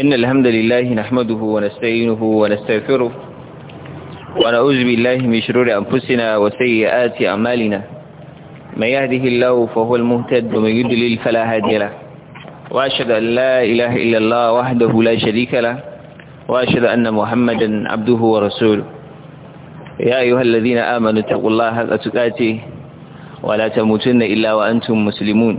إن الحمد لله نحمده ونستعينه ونستغفره ونعوذ بالله من شرور أنفسنا وسيئات أعمالنا من يهده الله فهو المهتد ومن يدلل فلا هادي له وأشهد أن لا إله إلا الله وحده لا شريك له وأشهد أن محمدا عبده ورسوله يا أيها الذين آمنوا اتقوا الله حق تقاته ولا تموتن إلا وأنتم مسلمون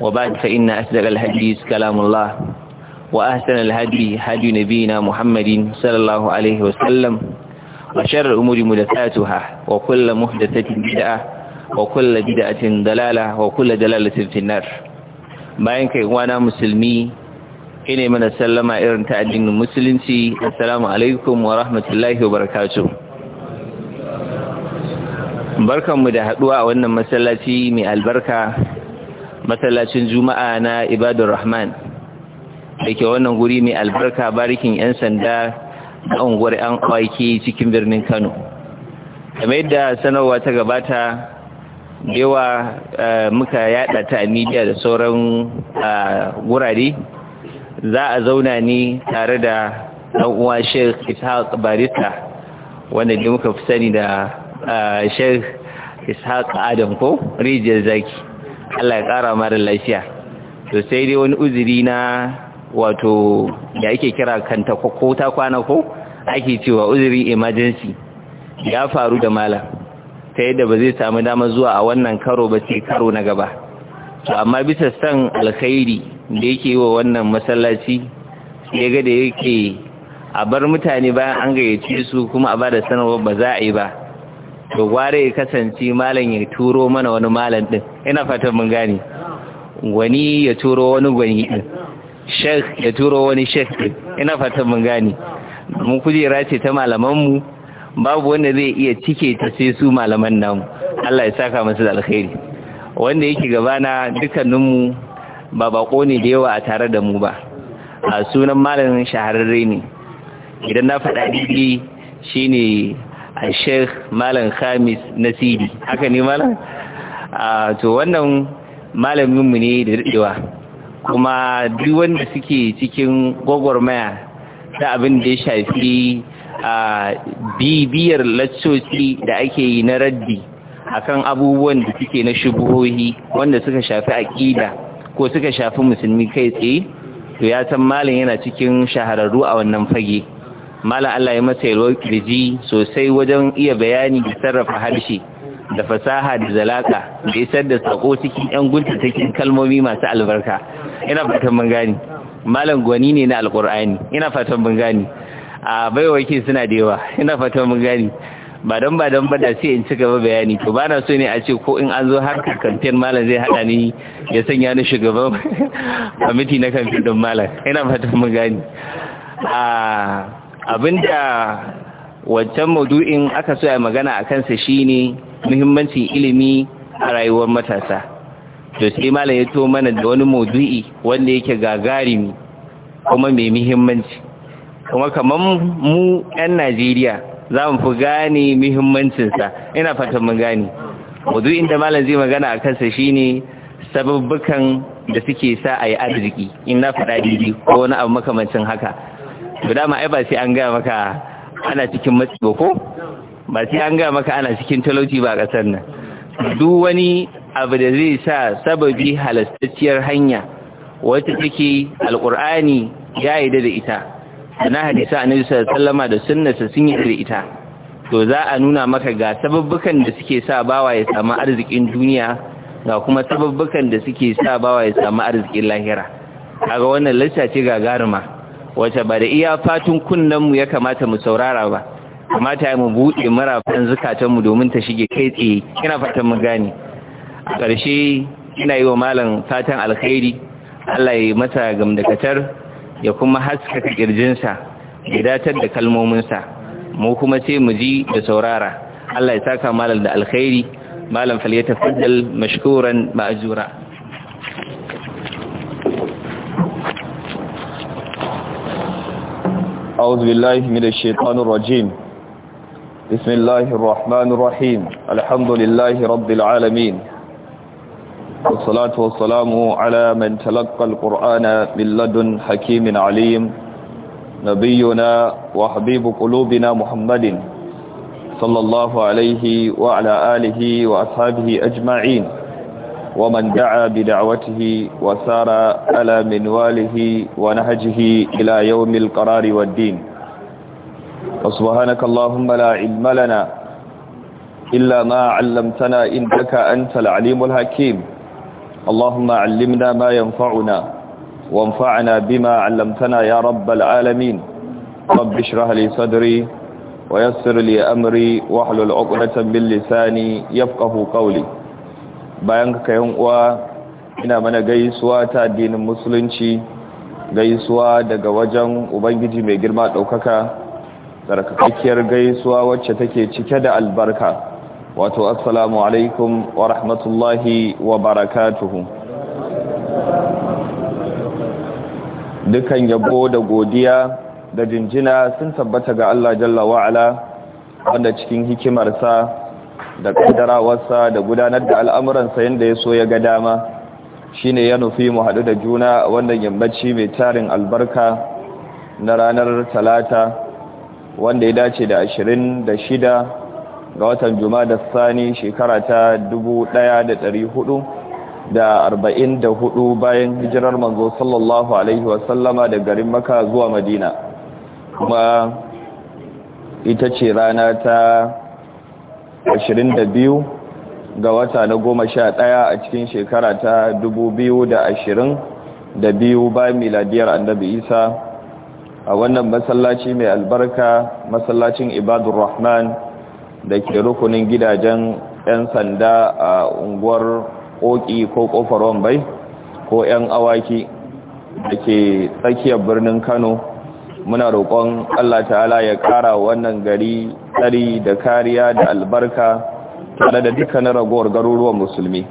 وبعد فإن أصدق الحديث كلام الله وأحسن الهدي هدي نبينا محمد صلى الله عليه وسلم وشر الأمور محدثاتها وكل محدثة بدعة وكل بدعة ضلالة وكل دلالة في النار bayan kai wana musulmi ine mana sallama irin ta addinin musulunci assalamu alaikum wa rahmatullahi wa barakatuh barkanmu da haduwa a wannan masallaci mai albarka masallacin juma'a na ibadun rahman da ke wannan guri mai albarka barikin 'yan sanda na unguwar 'yan kwaki cikin birnin kano kamar yadda sanarwa ta gabata yawa eh, muka yada ta a media da sauran eh, wurare za a zauna ne tare da ɗan uwa sheikh ishaq barista wanda da muka fi sani da eh, sheikh ishaq adam ko rijiyar zaki Allah ya ƙara mara lafiya to sai dai wani uzuri na wato da ake kira kanta ko ta kwana ko ake cewa uzuri emergency ya faru da malam ta yadda ba zai samu dama zuwa a wannan karo ba sai karo na gaba to amma bisa san alkhairi da yake yi wa wannan masallaci ya ga da yake a bar mutane bayan an gayyace su kuma a ba da sanarwar ba za a yi ba to gware ya kasance malam ya turo mana wani malam din ina fatan mun gane gwani ya turo wani gwani din sheikh ya turo wani sheikh din ina fatan mun gane mun kujera ce ta malaman mu babu wanda zai iya cike ta sai su malaman namu Allah ya saka masu da alkhairi wanda yake gabana dukkaninmu ba bako ne da yawa a tare da mu ba a sunan malamin shahararre ne idan na faɗa daidai shine a sheikh malam khamis nasiri haka ne malam a to wannan malaminmu ne da daɗewa kuma duk wanda suke cikin gwagwarmaya ta abin da ya shafi a bibiyar laccoci da ake yi na raddi akan abubuwan da suke na shubuhohi wanda suka shafi aƙida ko suka shafi musulmi kai tsaye to ya san malam yana cikin shahararru a wannan fage mala Allah ya masa yaro kirji sosai wajen iya bayani da sarrafa harshe da fasaha da zalaka da isar da sako cikin yan gunta cikin kalmomi masu albarka ina fatan mun gani malam gwani ne na alqur'ani ina fatan mun gani a yake suna da yawa ina fatan mun gani ba don ba don ba da sai in ci gaba bayani to bana so ne a ce ko in an zo harkar kantin malam zai hada ni ya sanya ni shugaban kwamiti na kantin don malam ina fatan mun gani a abinda wancan maudu'in aka so ya magana a kansa shine muhimmancin ilimi a rayuwar matasa to sai malam ya to mana da wani maudu'i wanda yake gagarimi kuma mai muhimmanci kuma kamar mu 'yan Najeriya za mu fi gane muhimmancinsa ina fatan mun gane maudu'in da malam zai magana a kansa shine sababbukan da suke sa a yi arziki in na faɗa daidai ko wani abu makamancin haka to dama ai ba sai an gaya maka ana cikin matsi ko ba sai an gaya maka ana cikin talauci ba a ƙasar nan duk wani abu da zai sa sababi halastacciyar hanya wata take alƙur'ani ya yi da ita na hadisa a nabi sallama da sunnasa sun yi da ita to za a nuna maka ga sababbukan da suke sa bawa ya samu arzikin duniya ga kuma sababbukan da suke sa bawa ya samu arzikin lahira kaga wannan lissa ce gagaruma wace ba da iya fatun kunnenmu ya kamata mu saurara ba kamata ya mu buɗe marafin zukatanmu domin ta shige kai tsaye ina fatan mu gane a ƙarshe ina yi wa malam fatan alkhairi Allah ya masa gamdakatar ya kuma haskaka ƙirjinsa ya datar da kalmominsa mu kuma sai mu ji da saurara Allah ya saka malam da alkhairi malam fadal mashkuran ma'ajura. أعوذ بالله من الشيطان الرجيم بسم الله الرحمن الرحيم الحمد لله رب العالمين والصلاة والسلام على من تلقى القرآن من لدن حكيم عليم نبينا وحبيب قلوبنا محمد صلى الله عليه وعلى آله وأصحابه أجمعين ومن دعا بدعوته وسار على منواله ونهجه إلى يوم القرار والدين وسبحانك اللهم لا علم لنا إلا ما علمتنا إنك أنت العليم الحكيم اللهم علمنا ما ينفعنا وانفعنا بما علمتنا يا رب العالمين رب اشرح لي صدري ويسر لي أمري واحلل عقدة من لساني يفقه قولي bayan ka uwa ina mana gaisuwa ta addinin musulunci gaisuwa daga wajen ubangiji mai girma ɗaukaka tsarkakakkiyar gaisuwa wacce take cike da albarka wato assalamu alaikum wa rahmatullahi wa barakatuhu dukan yabo da godiya da jinjina sun tabbata ga Allah jalla wa'ala wanda cikin hikimarsa da kaddarawarsa da gudanar da al'amuransa yadda ya so ya ga dama shine ya nufi mu haɗu da juna a wannan yammaci mai tarin albarka na ranar talata wanda ya dace da ashirin da shida ga watan juma da sani shekara ta dubu ɗaya da ɗari hudu da arba'in da hudu bayan hijirar manzo sallallahu alaihi wasallama da garin maka zuwa madina kuma ita ce rana ta 22 ga wata na goma sha ɗaya a cikin shekara ta ashirin biyu bayan miladiyar annabi isa a wannan masallaci mai albarka masallacin ibadun rahman da ke rukunin gidajen 'yan sanda a unguwar oki ko kofar wambai ko 'yan awaki da ke tsakiyar birnin kano muna roƙon Allah ta'ala ya ƙara wannan gari tsari da kariya da albarka tare da duka na ragowar garuruwan musulmi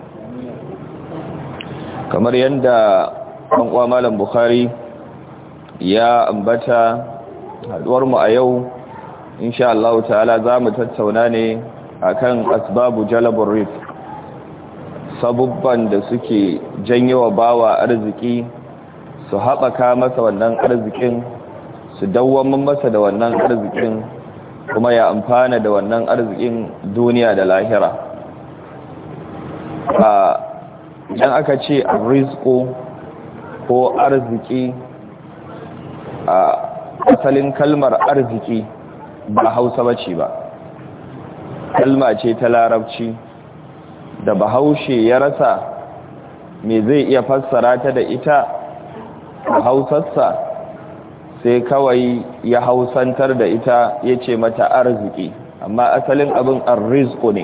kamar yadda ɗan'uwa malam buhari ya ambata haɗuwarmu a yau insha Allah ta'ala za mu tattauna ne a kan asbabu jalabar rif sabubban da suke janyewa bawa arziki su haɓaka masa wannan arzikin su dawwamin masa da wannan arzikin kuma ya amfana da wannan arzikin duniya da lahira a idan aka ce rizko ko arziki a asalin kalmar arziki ba hausa ce ba kalma ce ta larabci da bahaushe ya rasa me zai iya fassara ta da ita a hausarsa sai kawai ya hausantar da ita ya ce mata arziki amma asalin abin arrizko ne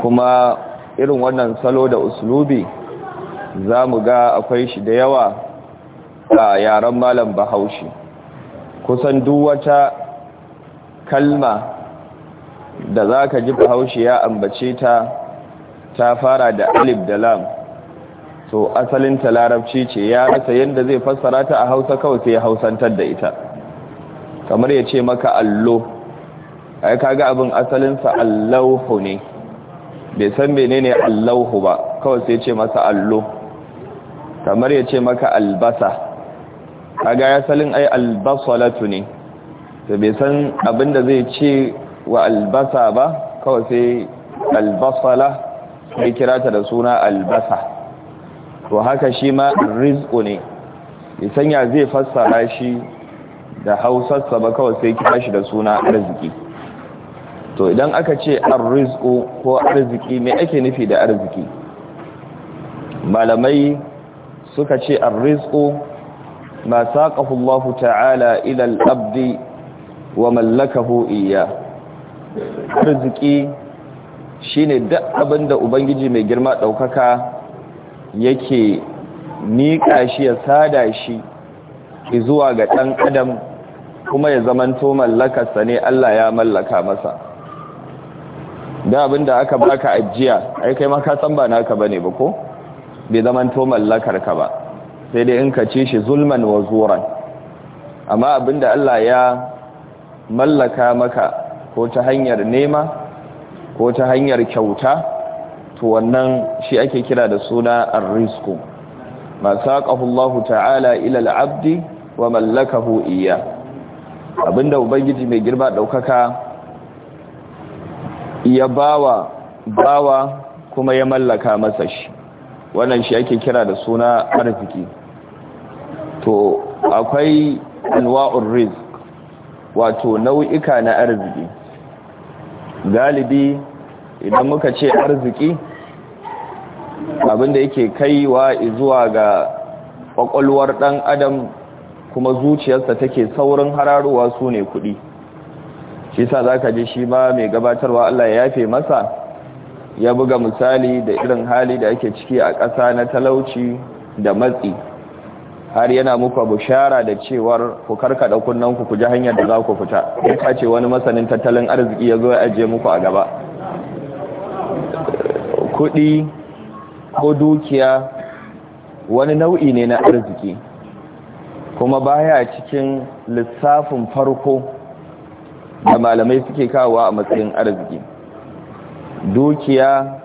kuma irin wannan salo da uslubi za mu ga akwai shi da yawa a yaren malam bahaushe kusan duwata kalma da za ka ji bahaushe ya ambace ta ta fara da alif da lam To asalin ta larabci ce ya rasa yadda zai fassara ta a hausa kawai sai ya hausantar da ita kamar ya ce maka allo ai kaga abin asalinsa allahu ne bai san menene allahu ba kawai sai ce masa allo kamar ya ce maka albasa kaga ya salin ai albasalatu ne da bai san abinda zai ce wa albasa ba kawai sai albasala sai kira ta da suna albasa to haka shi ma rizqu ne isan ya zai fassara shi da hausarsa ba kawai sai ki shi da suna arziki to idan aka ce arrizqu ko arziki me ake nufi da arziki malamai suka ce arrizqu ma saqahu Allah ta'ala ila al-abd wa mallakahu iyya arziki shine duk abinda ubangiji mai girma daukaka yake nika shi ya sada shi zuwa ga ɗan adam kuma ya zamanto mallakarsa ne Allah ya mallaka masa da abin da aka baka ajiya ai kai ma ka san ba naka bane ba ko bai zamanto mallakarka ba sai dai in ka ce shi zulman wa zuran amma abin da Allah ya mallaka maka ko ta hanyar nema ko ta hanyar kyauta to wannan shi ake kira da suna arrisku ma saqahu ta'ala ila al-abdi wa mallakahu iyya abinda ubangiji mai girma daukaka ya bawa bawa kuma ya mallaka masa shi wannan shi ake kira da suna arziki to akwai anwa'ur rizq wato nau'ika na arziki galibi idan muka ce arziki abinda yake kaiwa zuwa ga kwakwalwar ɗan adam kuma zuciyarsa take saurin hararowa su ne kuɗi shi sa za ka ji shi ma mai gabatarwa Allah ya yafe masa ya buga misali da irin hali da ake ciki a ƙasa na talauci da matsi har yana muka bushara da cewar ku karkada kunnanku ku ji hanyar da za ku fita ya ce wani masanin tattalin arziki ya zo ya ajiye muku a gaba kuɗi ko dukiya wani nau'i ne na arziki kuma baya cikin lissafin farko da malamai suke kawo a matsayin arziki dukiya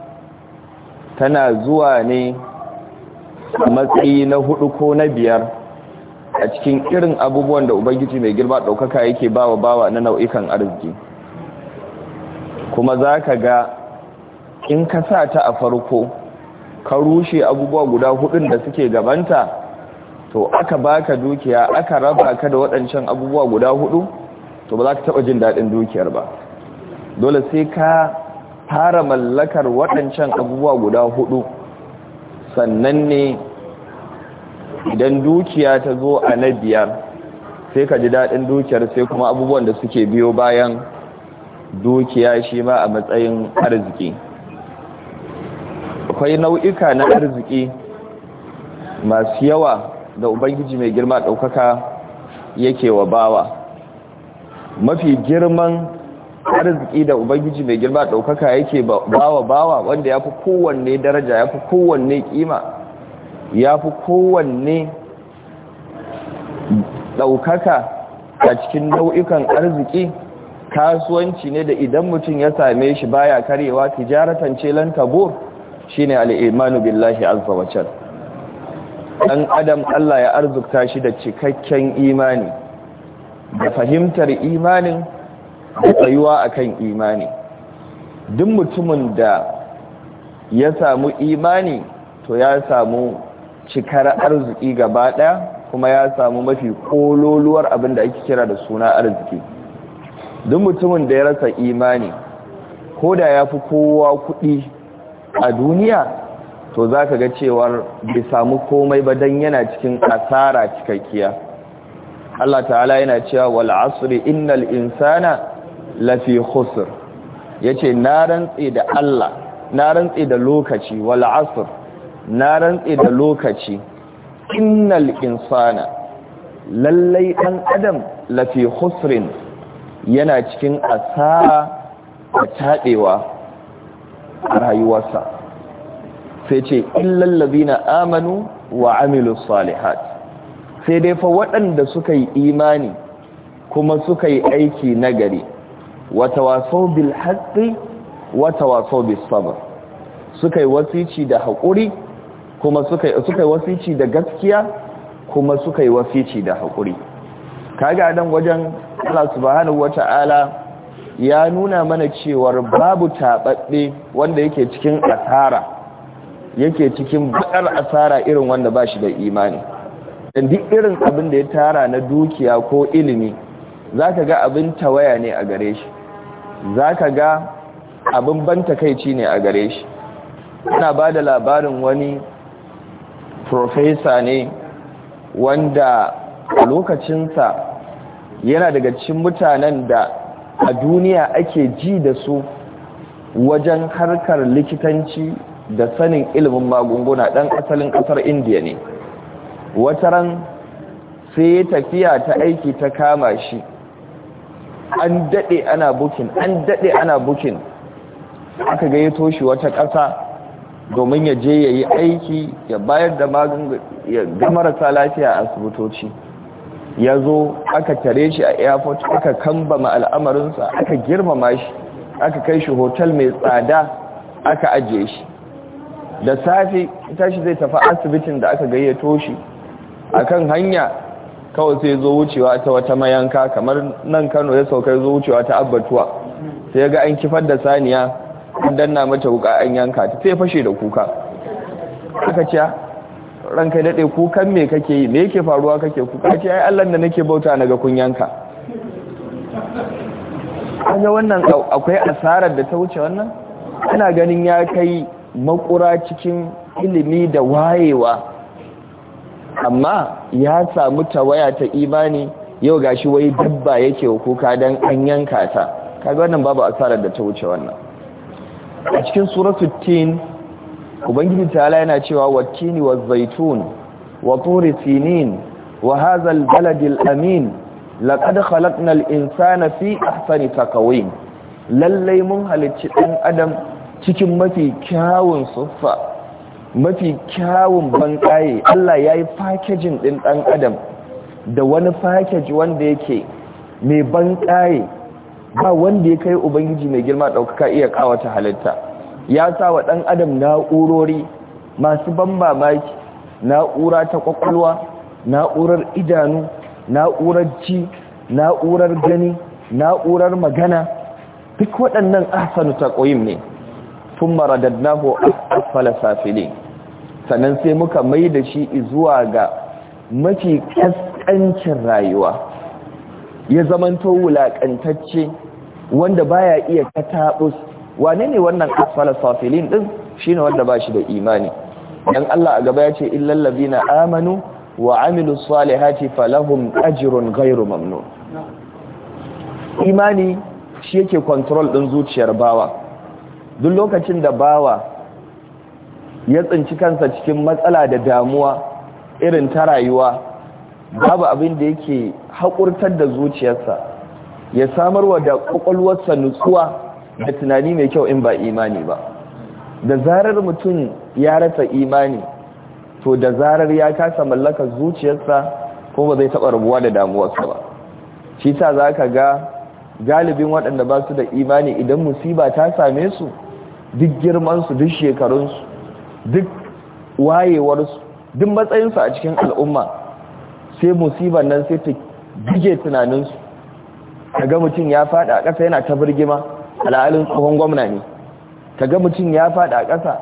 tana zuwa ne matsayi na hudu ko na biyar a cikin irin abubuwan da ubangiji mai girma ɗaukaka yake bawa bawa na nau'ikan arziki kuma za ka ga in ka sa ta a farko ka rushe abubuwa guda hudun da suke gabanta to aka baka dukiya aka raba ka da waɗancan abubuwa guda hudu to ba za ka taɓa jin daɗin dukiyar ba dole sai ka fara mallakar waɗancan abubuwa guda hudu sannan ne idan dukiya ta zo a na biyar sai ka ji daɗin dukiyar sai kuma abubuwan da suke biyo bayan dukiya shi ma a matsayin arziki akwai nau'ika na arziki masu yawa da ubangiji mai girma ɗaukaka yake wa bawa mafi girman arziki da ubangiji mai girma ɗaukaka yake bawa bawa wanda ya fi kowanne daraja ya fi kowanne kima ya fi kowanne ɗaukaka a cikin nau'ikan arziki kasuwanci ne da idan mutum ya same shi baya karewa tijaratan ce lan shine al-imanu billahi azza wa adam Allah ya arzuka shi da cikakken imani da fahimtar imanin da tsayuwa akan imani duk mutumin da ya samu imani to ya samu cikar arziki gaba daya kuma ya samu mafi kololuwar abin da ake kira da suna arziki duk mutumin da ya rasa imani ko da ya fi kowa kuɗi a duniya to za ka ga cewar bai samu komai ba don yana cikin asara cikakkiya Allah ta'ala yana cewa wal asri innal insana lafi khusr yace na rantsi da Allah na rantse da lokaci wal asr na rantsi da lokaci innal insana lallai ɗan adam lafi khusrin yana cikin asara da tadewa a rayuwarsa sai ce lallabi na amanu wa amilu salihat sai dai fa waɗanda suka yi imani kuma suka yi aiki nagari Wata tawasaw bil wata wa tawasaw suka yi wasici da haƙuri kuma suka yi wasici da gaskiya kuma suka yi wasici da haƙuri kaga dan wajen Allah subhanahu ta'ala ya nuna mana cewar babu taɓaɓɓe wanda yake cikin asara yake cikin baƙar asara irin wanda ba shi da imani ɗan duk irin abin da ya tara na dukiya ko ilimi za ka ga abin tawaya ne a gare shi za ka ga abin ban takaici ne a gare shi ana ba da labarin wani profesa ne wanda lokacinsa yana daga cikin mutanen da a duniya ake ji da su wajen harkar likitanci da sanin ilimin magunguna ɗan asalin ƙasar indiya ne wataran sai ya tafiya ta aiki ta kama shi an daɗe ana bukin an daɗe ana bukin aka ga ya toshi wata ƙasa domin ya je ya yi aiki ya bayar da magunguna ga marasa lafiya a asibitoci ya zo aka tare shi a airport aka kambama al'amarinsa aka girmama shi aka kai shi hotel mai tsada aka ajiye shi da safe shi zai tafi asibitin da aka gayyato shi akan hanya kawai sai zo wucewa ta wata mayanka kamar nan Kano ya sauka zo wucewa ta abbatuwa sai ga an kifar da saniya an danna mata wuka an yanka ta sai fashe da kuka aka ce ah, ranka daɗe kan me kake yi me yake faruwa kake ku? kake ai Allah da nake bauta na ga kunyanka kaga wannan akwai asarar da ta wuce wannan ina ganin ya kai makura cikin ilimi da wayewa amma ya samu tawaya ta imani yau gashi wai dabba yake kuka dan an yanka ta kaga wannan babu asarar da ta wuce wannan a cikin suratul tin ubangiji ta'ala yana cewa wattini zaitun, wa turi sinin wa hazal baladil amin laqad khalaqna al-insana fi ahsani taqwim lallai mun halicci ɗan adam cikin mafi kyawun suffa mafi kyawun banƙaye Allah ya yi fakejin ɗin ɗan adam da wani fakeji wanda yake mai banƙaye ba wanda ya kai ubangiji mai girma ɗaukaka iya ƙawata halitta ya sa wa ɗan adam na'urori masu ban mamaki na'ura ta ƙwaƙwalwa na'urar idanu na'urar ci na'urar gani na'urar magana duk waɗannan ahsanu ƙoyin ne tun maradadnahu asfala safilin sannan sai muka mai da shi zuwa ga mafi kaskancin rayuwa ya zamanto wulaƙantacce wanda baya iya katabus wane ne wannan asfala safilin din shine wanda ba shi da imani dan Allah a gaba ya ce illal ladina amanu wa amilus salihati falahum ajrun ghairu mamnun imani shi yake control din zuciyar bawa duk lokacin da bawa ya tsinci kansa cikin matsala da damuwa irin ta rayuwa babu abin da yake haƙurtar da zuciyarsa ya samarwa da ƙwaƙwalwarsa nutsuwa da tunani mai kyau in ba imani ba da zarar mutum ya rasa imani to da zarar ya kasa mallaka zuciyarsa ko ba zai taɓa rabuwa da damuwarsa ba shi sa za ka ga galibin waɗanda ba su da imani idan musiba ta same su duk girmansu duk shekarunsu duk wayewarsu duk matsayinsu a cikin al'umma sai musiba nan sai ta buge tunaninsu ga mutum ya faɗi a ƙasa yana ta birgima alhalin tsohon gwamna ne ka ga mutum ya faɗa a ƙasa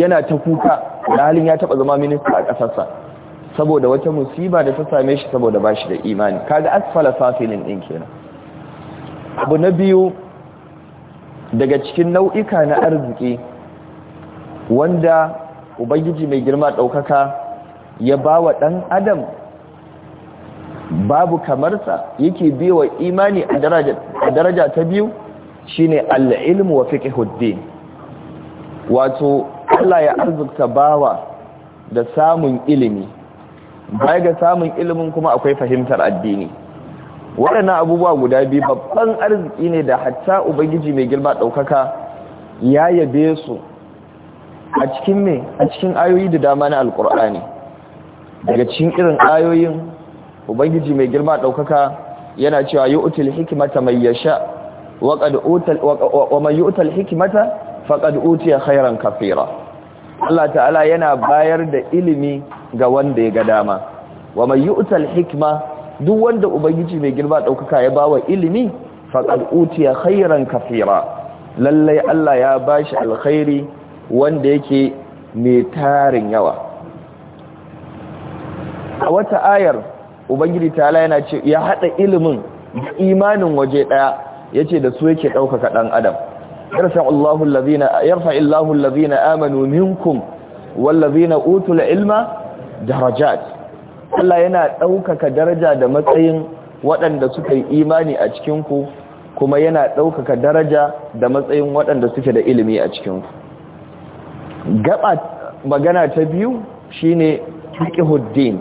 yana ta kuka alhalin ya taɓa zama minista a ƙasarsa saboda wata musiba da ta same shi saboda ba shi da imani kaga asfala safilin ɗin kenan abu na biyu daga cikin nau'ika na arziki wanda ubangiji mai girma ɗaukaka ya ba wa ɗan adam babu kamarsa yake biwa imani a daraja ta biyu Shi ne al'ilmu wa hudu, wato Allah ya arzikta bawa da samun ilimi bai ga samun ilimin kuma akwai fahimtar addini waɗannan abubuwa guda biyu babban arziki ne da hatta ubangiji mai girma ɗaukaka ya yabe su a cikin a cikin ayoyi da dama na alkur'ani daga cikin irin ayoyin ubangiji mai girma ɗaukaka yana cewa yi hikima hikimata mai yasha wa qad utal wa man yu'tal hikmata faqad utiya khairan kafira. Allah ta'ala yana bayar da ilimi ga wanda ya ga dama wa man yu'tal hikma duk wanda ubangiji mai girma daukaka ya bawa ilimi faqad utiya khairan kafira. lallai Allah ya bashi alkhairi wanda yake mai tarin yawa a wata ayar ubangiji ta'ala yana ce ya hada ilimin da imanin waje daya yace da su yake ɗaukaka ɗan adam yarfa'u Allahu allazina yarfa'u allazina amanu minkum wallazina utul ilma darajat Allah yana ɗaukaka daraja da matsayin waɗanda suka yi imani a cikin ku kuma yana ɗaukaka daraja da matsayin waɗanda suke da ilimi a cikin ku gaba magana ta biyu shine fiqhuddin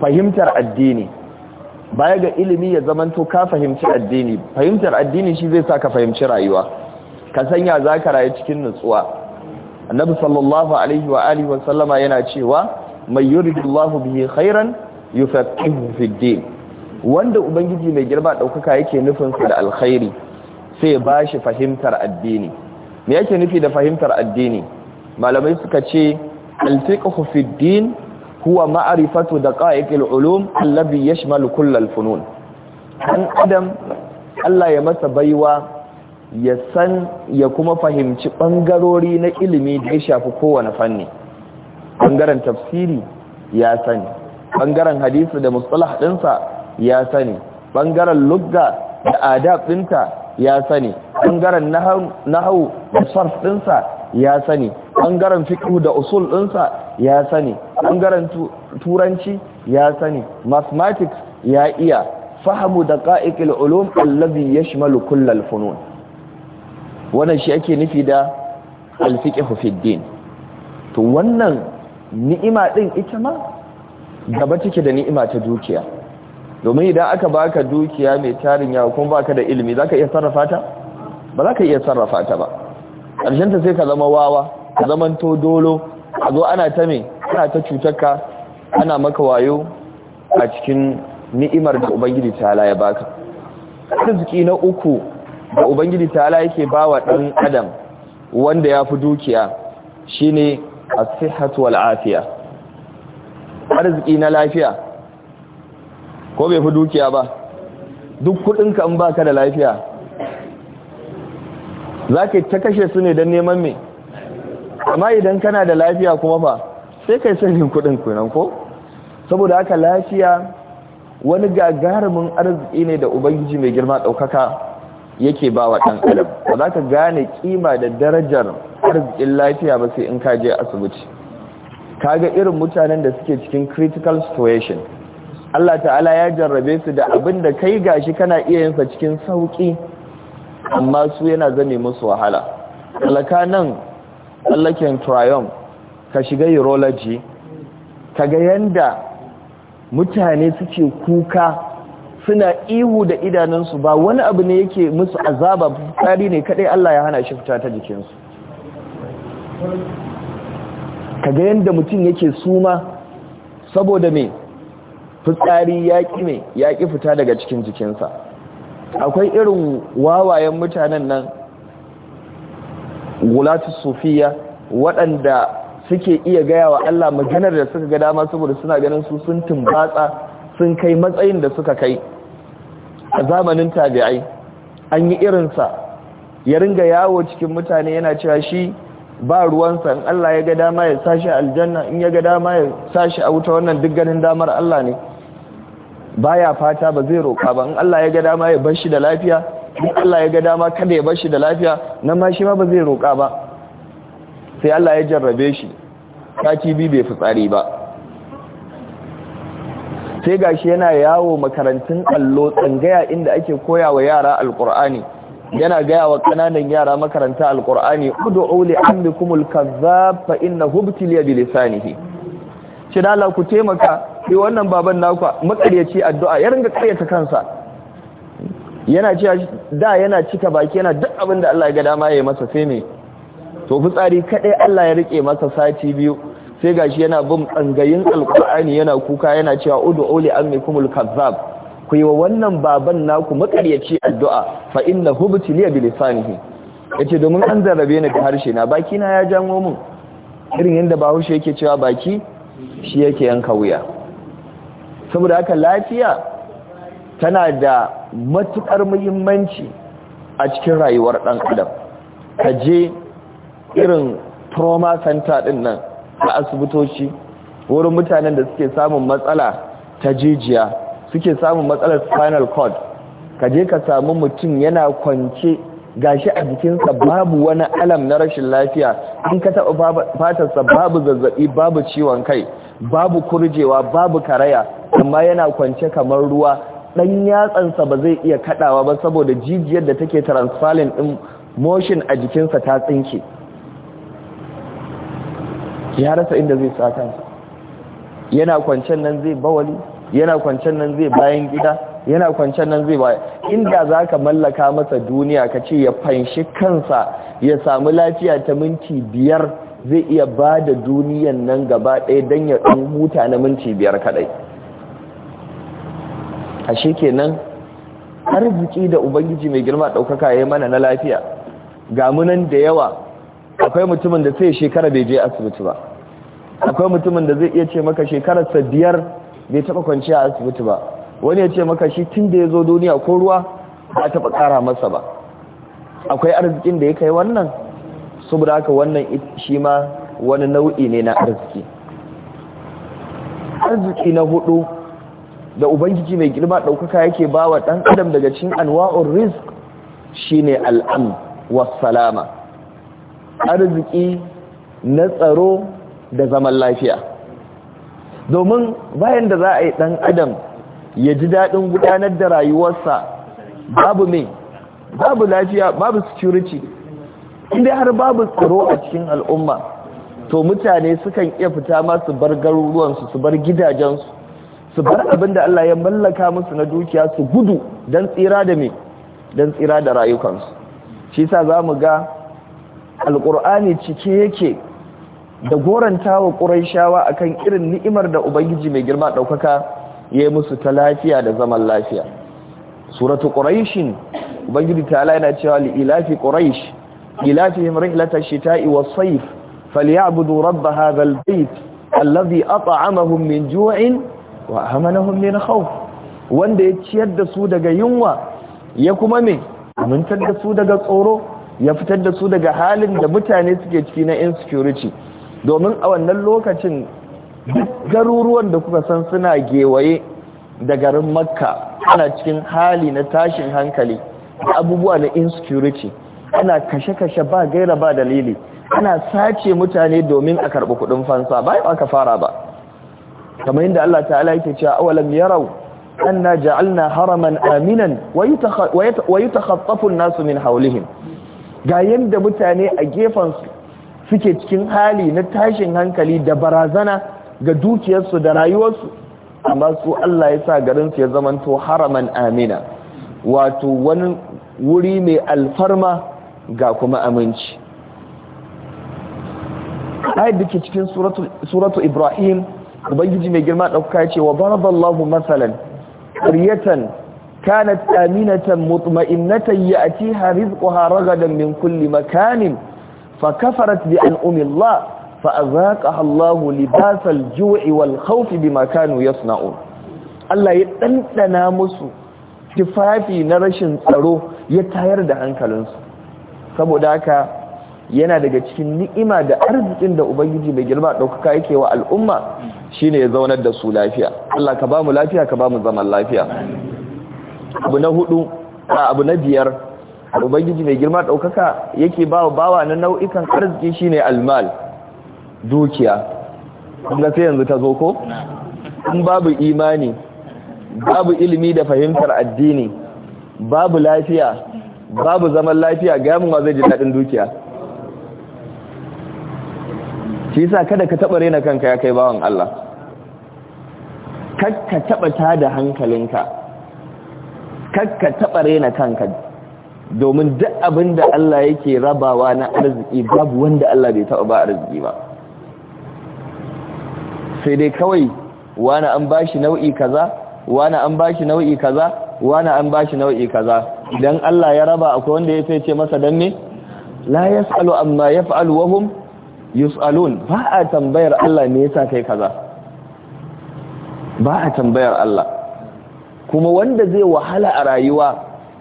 fahimtar addini baya ga ilimi ya zamanto ka fahimci addini fahimtar addini shi zai sa ka fahimci rayuwa ka sanya za ka rayu cikin nutsuwa annabi sallallahu alaihi wa alihi wa sallama yana cewa mai yuridullahu bihi khairan yufaqihu fid din wanda ubangiji mai girma daukaka yake nufin sa da alkhairi sai ba shi fahimtar addini me yake nufi da fahimtar addini malamai suka ce alfiqhu fid din Kuwa huwa ma'rifatu daqa'iqil ulum allazi yashmalu kullal funun dan adam Allah ya masa baiwa ya san ya kuma fahimci ɓangarori na ilimi da ya shafi kowane fanni bangaren tafsiri ya sani bangaren hadisi da mustalah dinsa ya sani Ɓangaren lugga da adab dinta ya sani Ɓangaren nahau da sarf dinsa ya sani ɓangaren fiƙo da usul ɗinsa ya sani ɓangaren turanci ya sani mathematics ya iya fahimu da ƙa'iƙil ulum allazi ya shimalu kullal funun wannan shi ake nufi da alfiƙihu fiddin to wannan ni'ima ɗin ita ma gaba take da ni'ima ta dukiya domin idan aka baka dukiya mai tarin yawa kuma baka da ilimi zaka iya sarrafa ta ba zaka iya sarrafa ta ba ƙarshen ta sai ka zama wawa ka zama to dolo a zo ana ta me ana ta cutarka ana maka wayo a cikin ni'imar da ubangiji ala ya baka arziki na uku da ubangiji tala yake bawa ɗan adam wanda ya fi dukiya shine as-sihhatu wal afiya arziki na lafiya ko bai fi dukiya ba duk kuɗinka in baka da lafiya za ka ta kashe su ne don neman me amma idan kana da lafiya kuma fa sai kai sanin kuɗin kunan ko saboda haka lafiya wani gagarumin arziki ne da ubangiji mai girma ɗaukaka yake ba wa ɗan adam ba za ka gane kima da darajar arzikin lafiya ba sai in ka je asibiti ka ga irin mutanen da suke cikin critical situation Allah ta'ala ya jarrabe su da abin da kai gashi kana iya yinsa cikin sauƙi amma su yana zane musu wahala talaka nan tsallaken triumph ka shiga urology ka ga yanda mutane suke kuka suna ihu da idanunsu ba wani abu ne yake musu azaba tsari ne kadai Allah ya hana shi fita ta jikinsu ka ga yanda mutum yake suma saboda me fitsari yaƙi ya yaƙi fita daga cikin jikinsa akwai irin wawayen mutanen nan gulatu sufiya waɗanda suke iya gaya wa Allah maganar da suka ga dama saboda suna ganin su sun tumbatsa sun kai matsayin da suka kai a zamanin tabi'ai an yi irinsa ya ringa yawo cikin mutane yana cewa shi ba ruwansa in Allah ya ga dama ya sashi aljanna in ya ga dama ya sashi a wuta wannan duk ganin damar Allah ne baya fata ba zai roƙa ba in Allah ya ga dama ya bar shi da lafiya in Allah ya ga dama kada ya bar shi da lafiya nan ma shi ma ba zai roƙa ba sai Allah ya jarrabe shi sati biyu bai fitsari ba sai gashi yana yawo makarantun allo tsangaya inda ake koya wa yara alƙur'ani yana gaya wa ƙananan yara makaranta alƙur'ani ud'u uli Kumul, kazzab fa innahu ibtiliya bi lisanihi shi da Allah ku taimaka sai wannan baban nakwa makaryaci addu'a ya ringa karyata kansa yana cewa da yana cika baki yana duk abin da Allah ya ga dama ya yi masa sai me to fitsari kadai Allah ya rike masa sati biyu sai gashi yana bin tsangayin alkur'ani yana kuka yana cewa ud'u li ammikumul kazzab ku yi wa wannan baban naku makaryaci addu'a fa innahu butiliya bi lisanihi yace domin an zarrabe ni da harshe na baki na ya jango mun irin yanda bahaushe yake cewa baki shi yake yanka wuya saboda haka lafiya tana da matuƙar muhimmanci a cikin rayuwar ɗan adam ka je irin trauma center ɗin nan a asibitoci wurin mutanen da suke samun matsala ta jijiya suke samun matsalar spinal cord ka je ka samu mutum yana kwance gashi a jikinsa babu wani alam na rashin lafiya in ka taɓa fatarsa babu zazzaɓi babu ciwon kai babu kurjewa babu karaya amma yana kwance kamar ruwa dan yatsansa ba zai iya kadawa ba saboda jijiyar da take transferring din motion a jikinsa ta tsinke ya rasa inda zai sa kansa yana kwancen nan zai bawali yana kwancen nan zai bayan gida yana kwancen nan zai bayan? inda za ka mallaka masa duniya ka ce ya fanshi kansa ya samu lafiya ta minti biyar zai iya ba da duniyan nan gaba ɗaya don ya ɗan huta na minti biyar kaɗai ashe kenan arziki da ubangiji mai girma ɗaukaka ya yi mana na lafiya Ga gamunan da yawa akwai mutumin da sai shekara bai je asibiti ba akwai mutumin da zai iya ce maka shekararsa biyar bai taɓa kwanciya asibiti ba wani ya ce maka shi tun da ya zo duniya ko ruwa ba taɓa ƙara masa ba akwai arzikin da ya kai wannan saboda haka wannan shi ma wani nau'i ne na arziki arziki na hudu da ubangiji mai girma daukaka yake bawa dan adam daga cikin anwa'ur rizq shine al'am wa salama arziki na tsaro da zaman lafiya domin bayan da za a yi dan adam ya ji dadin gudanar da rayuwarsa babu mai babu lafiya babu security inda har babu tsaro a cikin al'umma to mutane sukan iya fita masu bar garuruwansu su bar gidajensu su bar abin da Allah ya mallaka musu na dukiya su gudu don tsira da me don tsira da rayukansu shi sa za mu ga alƙur'ani cike yake da gorantawa wa a kan irin ni'imar da ubangiji mai girma ɗaukaka ya yi musu ta lafiya da zaman lafiya suratu ƙuraishin ubangiji ta yana cewa li'ilafi ƙuraish إلافهم رحلة الشتاء والصيف فليعبدوا رب هذا البيت الذي أطعمهم من جوع wanda ya ciyar da su ya kuma me amintar tsoro ya fitar da su daga halin da mutane suke ciki na insecurity domin a wannan lokacin garuruwan da kuka san suna gewaye da garin makka ana cikin hali na tashin hankali da abubuwa na insecurity ana kashe-kashe ba gaira ba dalili ana sace mutane domin a karɓi kuɗin fansa ba yau aka fara ba kamar yadda Allah ta'ala yake cewa awalam yarau anna ja'alna haraman aminan wa ta an-nasu min hawlihim ga yadda mutane a gefen suke cikin hali na tashin hankali da barazana ga dukiyarsu da rayuwarsu amma su Allah ya sa garinsu ya zamanto haraman amina wato wani wuri mai alfarma ga kuma aminci ayat da ke cikin suratu ibrahim ubangiji mai girma ɗauka ya ce wa baraballahu matsalan ƙaryatan kanat aminatan mutma'innatan ya'tiha rizquha haragadan min kulli makanin فكفرت بأنعم الله فأذاقها libasal ju'i wal والخوف bi كانوا يصنعون Allah ya ɗanɗana musu tufafi na rashin tsaro ya tayar da hankalinsu saboda haka yana daga cikin ni'ima da arzikin da ubangiji mai girma ɗaukaka yake wa al'umma shine ya zaunar da su lafiya Allah ka ba mu lafiya ka ba mu zaman lafiya abu na hudu abu na biyar ubangiji mai girma ɗaukaka yake ba wa bawa na nau'ikan arziki shine almal dukiya kuma sai yanzu ta zo ko in babu imani babu ilimi da fahimtar addini babu lafiya babu zaman lafiya ga yamin zai ji daɗin dukiya shi yasa kada ka taɓa rena kanka ya kai bawan Allah kakka taɓa ta da hankalinka kakka taɓa rena kanka domin duk abin da Allah yake rabawa na arziki babu wanda Allah bai taɓa ba arziki ba sai dai kawai wani an ba shi nau'i kaza wani an bashi nau'i kaza wani an bashi nau'i kaza idan Allah ya raba akwai wanda ya ce masa dan me la yasalu amma yaf'alu wa hum yusalun ba a tambayar Allah me yasa kai kaza ba a tambayar Allah kuma wanda zai wahala a rayuwa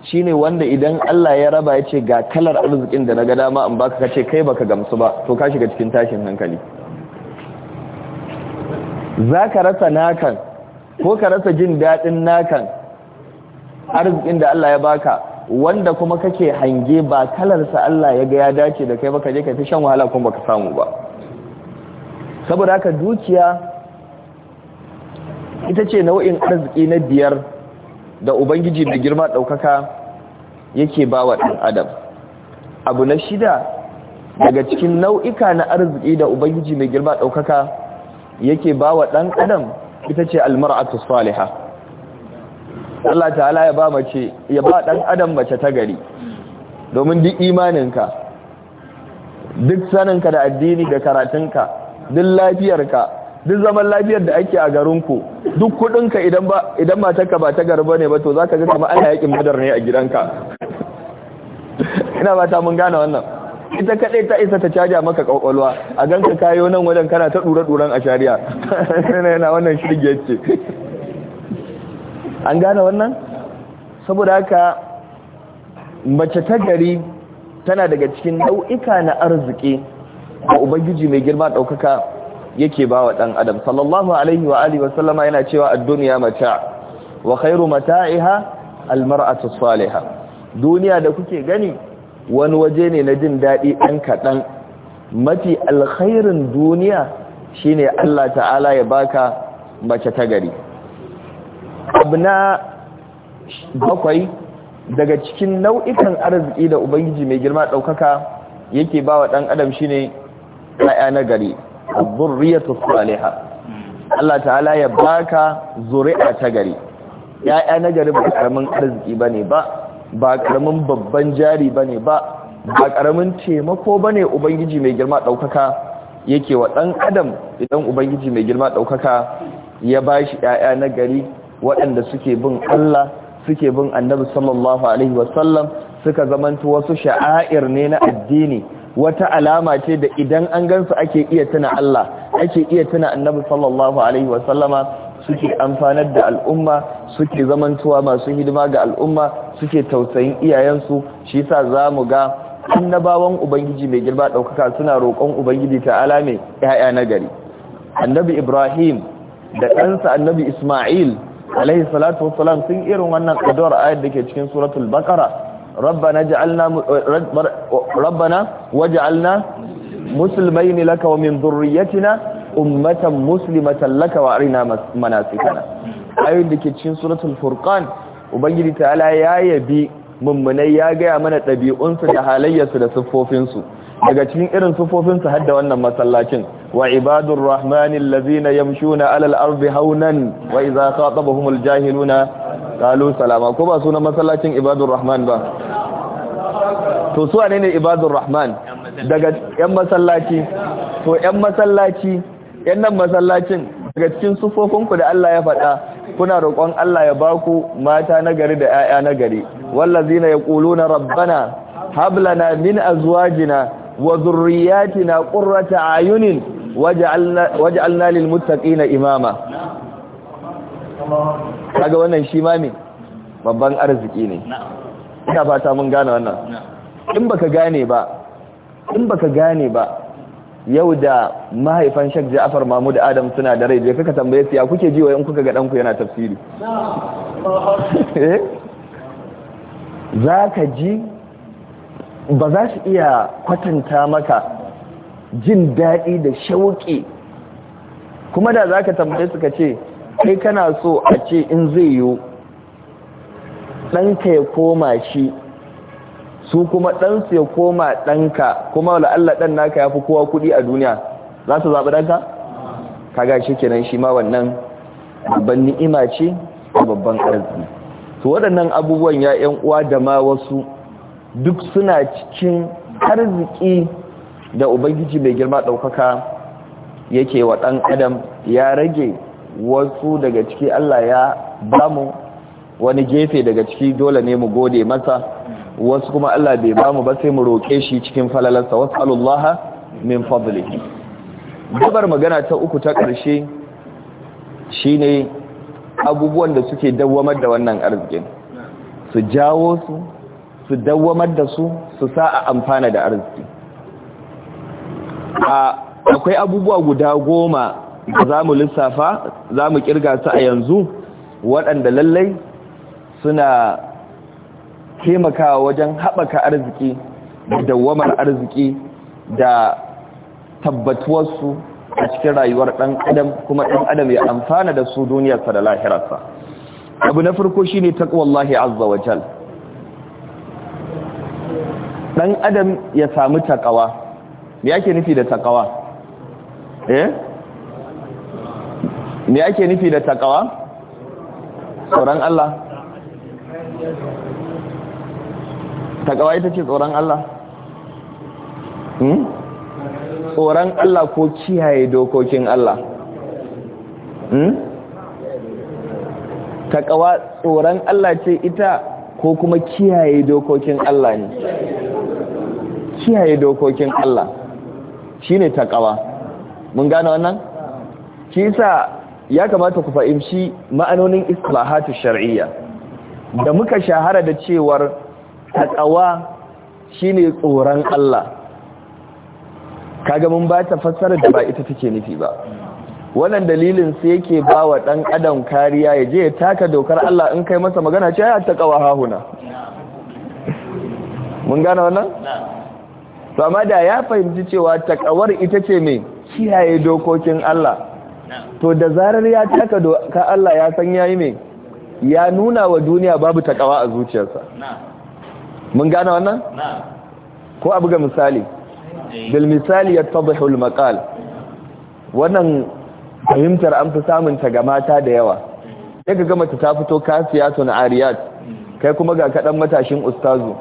shine wanda idan Allah ya raba ya ce ga kalar arzikin da na ga dama an baka kace kai baka gamsu ba to ka shiga cikin tashin hankali zaka rasa nakan ko ka rasa jin daɗin nakan arzikin da Allah ya baka wanda kuma kake hange ba kalarsa Allah ya ga ya dace da kai baka je ka fi shan wahala kuma baka samu ba saboda haka dukiya ita ce nau'in arziki na biyar da ubangiji mai girma ɗaukaka yake ba wa ɗan adam abu na shida daga cikin nau'ika na arziki da ubangiji mai girma ɗaukaka yake ba wa ɗan adam ita ce almar'atu salihah Allah ta'ala ya ba mace ya ba dan adam mace ta gari domin duk imaninka duk saninka da addini da karatunka duk lafiyarka duk zaman lafiyar da ake a garinku duk kudinka idan ba idan matarka ba ta garba ne ba to zaka ga kamar Allah ya ne a gidanka ina ba ta mun gane wannan ita kaɗai ta isa ta caja maka kwakwalwa a gan ka kayo nan wajen kana ta ɗura-ɗuran a shari'a yana wannan shirge ce an gane wannan saboda haka mace ta gari tana daga cikin nau'ika na arziki a ubangiji mai girma ɗaukaka yake bawa ɗan adam sallallahu alaihi wa alihi wa yana cewa adduniya duniya mata wa khairu mata'iha al-mar'atu salihah duniya da kuke gani wani waje ne na jin daɗi ɗan kaɗan mafi alkhairin duniya shine Allah ta'ala ya baka mace ta gari abu na bakwai daga cikin nau'ikan arziki da ubangiji mai girma ɗaukaka yake ba wa ɗan adam shine ɗaya na gari zurriyatu saliha Allah ta'ala ya baka zuri'a ta gari ya'ya na gari ba karamin arziki ba ne ba ba karamin babban jari bane ba ba karamin taimako bane ubangiji mai girma ɗaukaka yake wa ɗan adam idan ubangiji mai girma ɗaukaka ya bashi yaya na gari waɗanda suke bin Allah suke bin Annabi sallallahu alaihi wasallam suka zamanta wasu sha'air ne na addini wata alama ce da idan an gansu ake iya tuna Allah ake iya tuna Annabi sallallahu alaihi wasallama suke amfanar da al'umma suke zamantuwa masu hidima ga al'umma suke tausayin iyayensu shi sa za mu ga annabawan ubangiji mai girba ɗaukaka suna roƙon ubangiji ta mai yaya nagari annabi ibrahim da ɗansa annabi isma'il alaihi salatu sun irin wannan addu'ar ayar da ke cikin suratul baqara ربنا جعلنا musulmai ne مسلمين لك ومن ذريتنا ummatan muslimatan laka wa arina manasikana ayoyin da cikin suratul furqan ubangiji ta'ala ya yabi mummunai ya gaya mana ɗabi'unsu da halayyarsu da siffofinsu daga cikin irin siffofinsu har da wannan masallacin wa ibadur rahmanil ladzina yamshuna alal ardi haunan wa idza khatabahumul jahiluna qalu salama ko ba sunan masallacin ibadur rahman ba to su ne ibadur rahman daga yan masallaci to yan masallaci yan nan masallacin daga cikin sufofinku da Allah ya faɗa kuna roƙon Allah ya baku mata nagari da 'ya'ya nagari wallazina yaquluna rabbana hab lana min azwajina wa dhurriyyatina qurrata ayunin waj'alna waj'alna lil muttaqina imama kaga wannan shi ma ne babban arziki ne ina fata mun gane wannan in baka gane ba in baka gane ba yau da mahaifan shek Ja'far Mahmud Adam suna da rai da kaka tambaye su ya kuke ji in kuka ga ku yana tafsiri eh? za ka ji ba za su iya kwatanta maka jin daɗi da shauƙi kuma da za ka tambaye su ka ce kai kana so a ce in zai yi ɗanka ya koma shi su kuma ɗansu ya koma ɗanka kuma wala Allah ɗan naka ya fi kowa kuɗi a duniya za su zaɓi ɗanka? kaga shi kenan shi ma wannan babban ni'ima ce da babban arziki to waɗannan abubuwan ya ‘yan uwa da ma wasu duk suna cikin arziki da ubangiji mai girma ɗaukaka yake wa ɗan adam ya rage wasu daga ciki Allah ya bamu wani gefe daga ciki dole ne mu gode masa wasu kuma Allah bai ba mu ba sai mu roƙe shi cikin falalarsa alullaha min fadlihi dabar magana ta uku ta ƙarshe shi ne abubuwan da suke dawwamar da wannan arzikin su jawo su su dawwamar da su su sa a amfana da arziki a akwai abubuwa guda goma za mu lissafa za mu kirga su a yanzu waɗanda lallai suna taimakawa wajen haɓaka arziki da dawamar arziki da tabbatuwarsu a cikin rayuwar ɗan adam kuma ɗan adam ya amfana da su duniyarsa da lahirarsa abu na farko shi ne taƙwallahi azza wa jal ɗan adam ya sami taƙawa me ake nufi da taƙawa eh me ake nufi da taƙawa sauran Allah takawa ita ce tsoron Allah hmm? tsoron Allah ko kiyaye dokokin Allah hmm? takawa tsoron Allah ce ita ko kuma kiyaye dokokin Allah ne kiyaye dokokin Allah shi ta takawa mun gane wannan shi sa ya kamata ku fahimci ma'anonin islahatu shar'iyya da muka shahara da cewar shi shine tsoron Allah kaga mun ba ta fassara da ba ita take nufi ba wannan dalilin sai yake bawa wa ɗan adam kariya ya je ya taka dokar Allah in kai masa magana ce ya taƙawa hahuna mun gane wannan? sama da ya fahimci cewa takawar ita ce mai kiyaye dokokin Allah to da zarar ya taka doka Allah ya san yayi mai ya nuna wa duniya babu takawa a zuciyarsa mun gane wannan ko abu ga misali eh. bil misali ya al maqal wannan fahimtar an fi samun ta ga mata da yawa mm. sai ka ga ta fito kasiya sun ariyat mm. kai kuma ga kadan matashin ustazu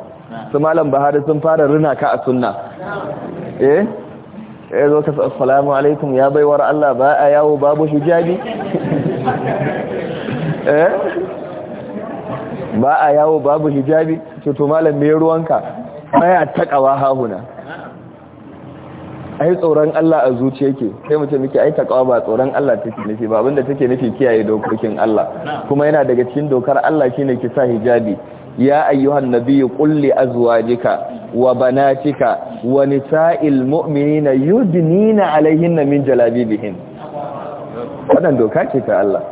su malam bahari sun fara rina ka a sunna eh eh zo ka assalamu alaikum ya baiwar Allah ba a yawo babu hijabi eh ba a yawo babu hijabi ce to malam me ruwanka baya takawa hahuna ai tsoron Allah a zuciya yake sai mu ce muke ai takawa ba tsoron Allah take nufi ba abinda take nufi kiyaye dokokin Allah kuma yana daga cikin dokar Allah shine ki sa hijabi ya ayyuhan nabiyyu qul li azwajika wa banatika wa nisa'il mu'minina yudnina alaihinna min jalabibihin wannan doka ce ta Allah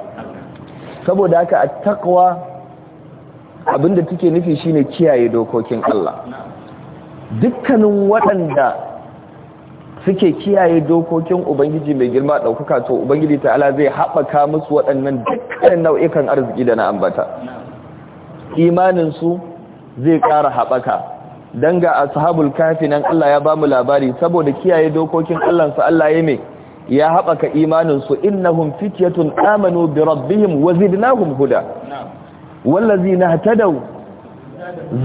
saboda haka at-taqwa abinda take nufi shine kiyaye dokokin Allah dukkanin waɗanda suke kiyaye dokokin ubangiji mai girma ɗaukaka to ubangiji ta'ala zai haɓaka musu waɗannan dukkanin nau'ikan arziki da na ambata imaninsu zai ƙara haɓaka don ga ashabul kafi nan Allah ya ba mu labari saboda kiyaye dokokin Allahnsu Allah ya mai ya haɓaka imaninsu innahum fityatun amanu bi rabbihim wa zidnahum huda wallazi na hatadau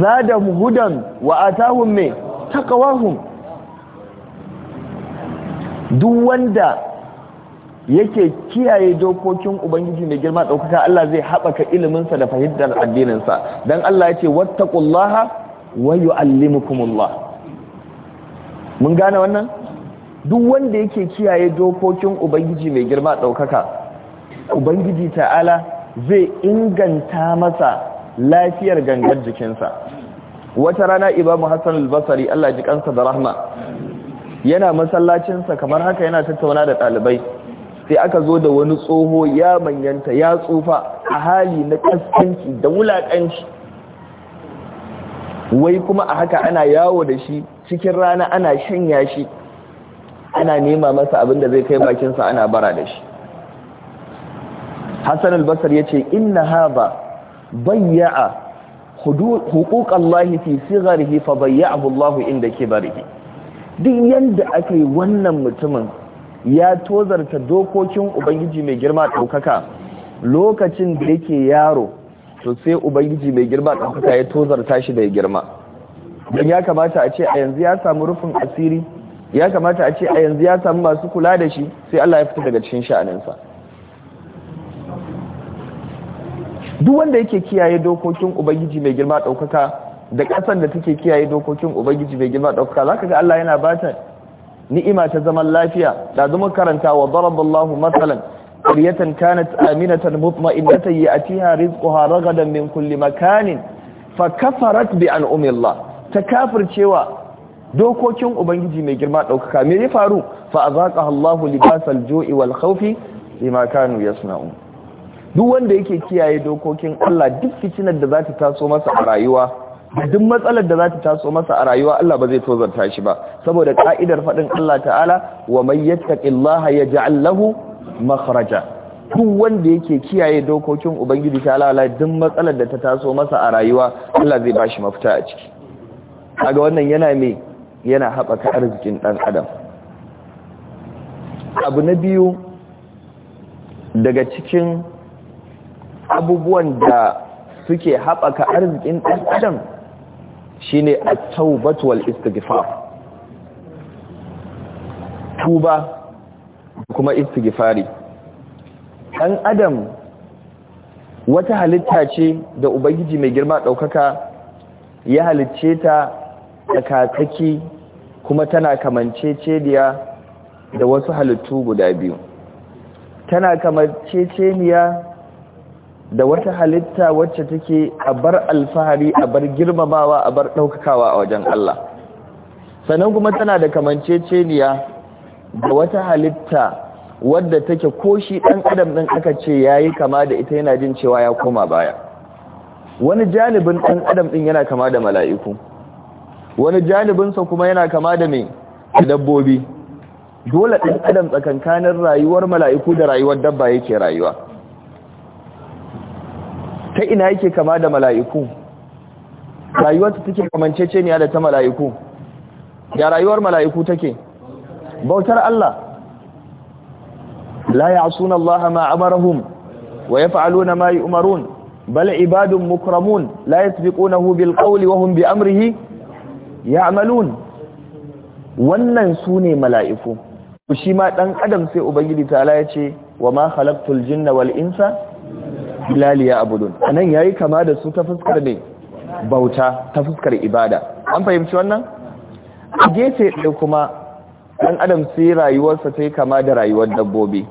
zadam hudan wa atahum me taqawahum duk wanda yake kiyaye dokokin ubangiji mai girma daukaka Allah zai haɓaka iliminsa da fahimtar addininsa don Allah ya ce wattaqullaha wa yu'allimukumullah mun gane wannan duk wanda yake kiyaye dokokin ubangiji mai girma daukaka ubangiji ta'ala zai inganta masa lafiyar gangar jikinsa wata rana imamu hassan al Allah ji kansa da rahma yana masallacinsa kamar haka yana tattauna da ɗalibai sai aka zo da wani tsoho ya manyanta ya tsufa a hali na kaskanci da wulaƙanci wai kuma a haka ana yawo da shi cikin rana ana shanya shi ana nema masa abin da zai kai bakinsa ana bara da shi Hassan al-Basr yace inna hadha bayya'a huquq Allah fi sigharihi fa bayya'ahu Allah inda kibarihi duk yanda ake wannan mutumin ya tozarta dokokin ubangiji mai girma daukaka lokacin da yake yaro to sai ubangiji mai girma daukaka ya tozarta shi da girma dan ya kamata a ce a yanzu ya samu rufin asiri ya kamata a ce a yanzu ya samu masu kula da shi sai Allah ya fita daga cikin sha'aninsa duk wanda yake kiyaye dokokin ubangiji mai girma ɗaukaka da ƙasar da take kiyaye dokokin ubangiji mai girma ɗaukaka zaka ga Allah yana bata ni'ima ta zaman lafiya da zama karanta wa daraballahu matsalan ƙaryatan kanat aminatan mutma'innatan yatiha rizquha ragadan min kulli makanin fakafarat bi an'umi Allah ta kafircewa dokokin ubangiji mai girma ɗaukaka me ya faru fa azaqaha Allahu libasal ju'i wal khawfi bima kanu yasna'un duk wanda yake kiyaye dokokin Allah duk fitinar da za ta taso masa a rayuwa duk matsalar da za ta taso masa a rayuwa Allah ba zai tozarta shi ba saboda ka'idar faɗin Allah ta'ala wa man yattaqillaha yaj'al lahu makhraja duk wanda yake kiyaye dokokin ubangiji ta'ala Allah duk matsalar da ta taso masa a rayuwa Allah zai bashi mafita a ciki kaga wannan yana me yana haɓaka arzikin ɗan adam abu na biyu daga cikin abubuwan da suke haɓaka arzikin ɗan adam shine ne a taubatuwal istighfar tuba kuma istigifari ɗan adam wata halitta ce da ubangiji mai girma ɗaukaka ya halicce ta tsakatsaki kuma tana kamance kamanceceniya da wasu halittu guda biyu tana ce-ceniya? da wata halitta wacce take a bar alfahari a bar girmamawa a bar ɗaukakawa a wajen Allah sannan kuma tana da kamanceceniya da wata halitta wadda take koshi shi ɗan adam ɗin aka ce ya yi kama da ita yana jin cewa ya koma baya wani janibin ɗan adam ɗin yana kama da mala'iku wani janibinsa kuma yana kama da mai dabbobi dole ɗan adam tsakankanin rayuwar mala'iku da rayuwar dabba yake rayuwa ta ina yake kama da mala'iku rayuwarta take kamanceceniya da ta mala'iku ya rayuwar mala'iku take bautar Allah la ya'suna Allah ma amarahum wa yaf'aluna ma yu'marun bal ibadun mukramun la yasbiqunahu bil qawli wa hum bi amrihi ya'malun wannan sune mala'iku shi ma dan adam sai ubangiji ta ya ce wa ma khalaqtul jinna wal insa hilali ya abudun anan yayi kama da su ta fuskar ne bauta ta fuskar ibada an fahimci wannan a gefe ɗaya kuma ɗan adam sai rayuwarsa ta yi kama da rayuwar dabbobi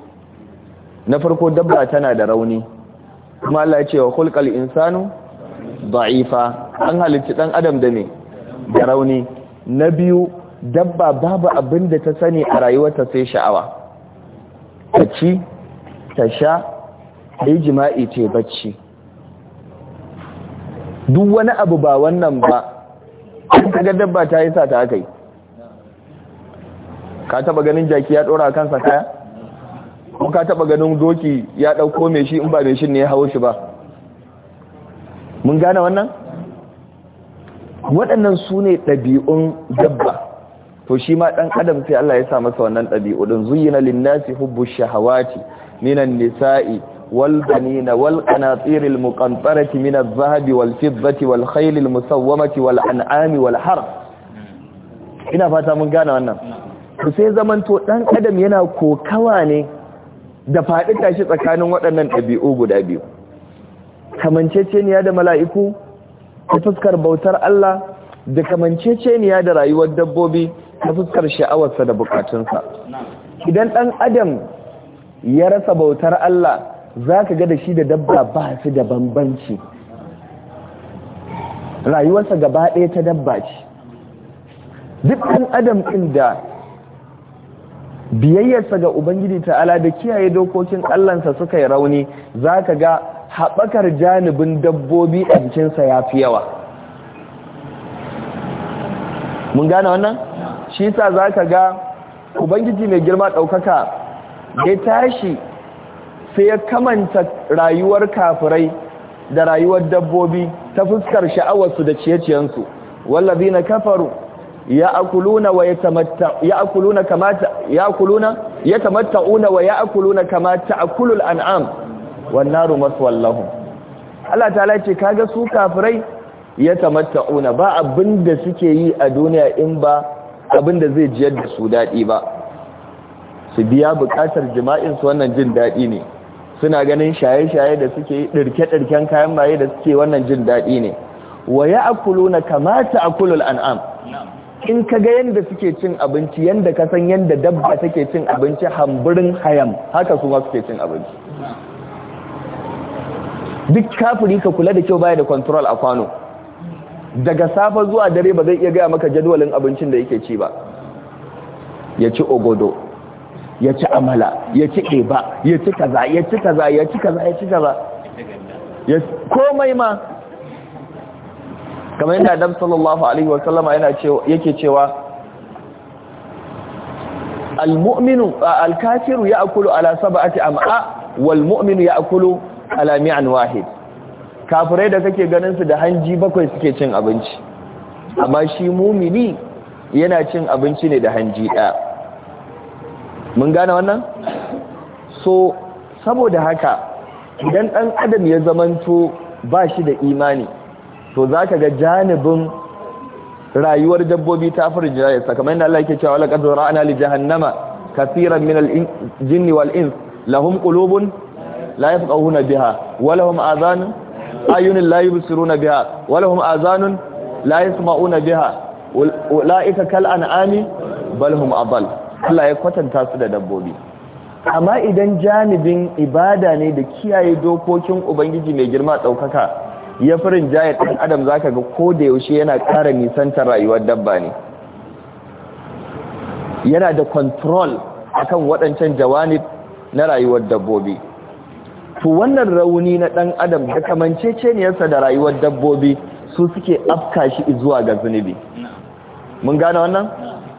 na farko dabba tana da rauni kuma Allah ya ce wa hulqal insanu da'ifa an halitta ɗan adam da ne da rauni na biyu dabba babu abin da ta sani a rayuwarta sai sha'awa ta ci ta sha a yi jima'i ce bacci duk wani abu ba wannan ba ta ga dabba ta yi sa ta aka yi ka taba ganin jaki ya dora kansa kaya ko ka taba ganin doki ya dauko mai shi in ba mai shi ne ya hawo shi ba mun gane wannan waɗannan su ne ɗabi'un dabba to shi ma ɗan adam sai Allah ya sa masa wannan ɗabi'u ɗin na linnasi hubbu shahawati minan nisa'i والبنين والقناطير المقنطرة من الذهب والفضة والخيل المسومة والأنعام والحرث ina fata mun gane wannan to zamanto ɗan adam yana kokawa ne da faɗi tashi tsakanin waɗannan ɗabi'u guda biyu kamanceceniya da mala'iku ta fuskar bautar Allah da kamanceceniya da rayuwar dabbobi ta fuskar sha'awarsa da bukatunsa idan ɗan adam ya rasa bautar Allah za ka ga da shi da dabba ba su da bambanci rayuwarsa gaba ɗaya ta dabba ce Duk dukkan adam ɗin da biyayyarsa ga ubangiji ta'ala da kiyaye dokokin allansa suka yi rauni za ka ga haɓakar janibin dabbobi a jikinsa ya fi yawa mun gane wannan shi sa za ka ga ubangiji mai girma ɗaukaka ya tashi sai ya kamanta rayuwar kafirai da rayuwar dabbobi ta fuskar sha'awarsu da ciye-ciyensu na kafaru ya'kuluna wa ya kama wa ya akuluna kama ta'kulul an'am wan naru Allah ta ce kaga su kafirai ya yatamatta'una ba abinda suke yi a duniya in ba abinda zai jiyar da su daɗi ba su biya bukatar jima'in su wannan jin daɗi ne suna ganin shaye-shaye da suke ɗirke-ɗirken kayan maye da suke wannan jin daɗi ne wa ya akulu na kamata kulul an'am in ka ga yadda suke cin abinci yadda ka san yadda dabba take cin abinci hamburin hayam haka kuma suke cin abinci duk kafiri ka kula da kyau baya da control a kwano daga safa zuwa dare ba zai iya gaya maka jadwalin abincin da yake ci ba ya ci ogodo ya ci amala ya ci ɗeba ya ci kaza ya ci kaza ya ci kaza ya ci kaza ya komai ma kamar yadda adam sallallahu alaihi wa sallama yana cewa yake cewa almu'minu alkafiru ya'kulu ala sab'ati am'a wal mu'minu ya'kulu ala mi'an wahid kafirai da kake ganin su da hanji bakwai suke cin abinci amma shi mumini yana cin abinci ne da hanji ɗaya mun gane wannan so saboda haka idan ɗan adam ya zamanto ba shi da imani to za ka ga janibin rayuwar dabbobi ta farin ya sakamai da Allah yake cewa laqad ra'ana li jahannama kasiran min al-jinni wal ins lahum qulubun la yafqahuna biha wa lahum adhanun ayunun la yubsiruna biha wa lahum adhanun la yasma'una biha ulaika kal an'ami bal hum adall Allah ya kwatanta su da dabbobi amma idan janibin ibada ne da kiyaye dokokin ubangiji mai girma ɗaukaka ya firin jayar ɗan adam zaka ga ko da yaushe yana ƙara nisantar rayuwar dabba ne yana da control akan waɗancan jawani na rayuwar dabbobi to wannan rauni na ɗan adam da kamance kamanceceniyarsa da rayuwar dabbobi su suke afka shi zuwa ga zunubi mun gane wannan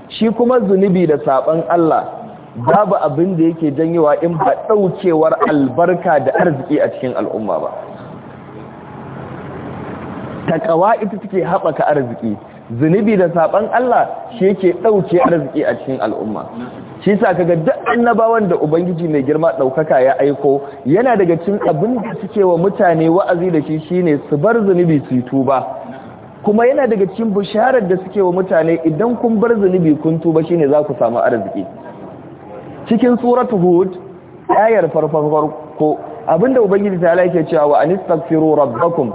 shi kuma zunubi da saban Allah babu abin da yake janyewa in ba ɗaukewar albarka da arziki a cikin al'umma ba takawa ita take haɓaka arziki zunubi da saban Allah shi yake ɗauke arziki a cikin al'umma shi sa kaga duk annabawan da ubangiji mai girma ɗaukaka ya aiko yana daga cikin abin da suke wa mutane wa'azi da shi shine su bar zunubi su tuba kuma yana daga cikin bisharar da suke wa mutane idan kun bar zunubi kun tuba shine za ku samu arziki cikin suratu hud ayar farfan farko abinda ubangiji ta yake cewa wa anistaghfiru rabbakum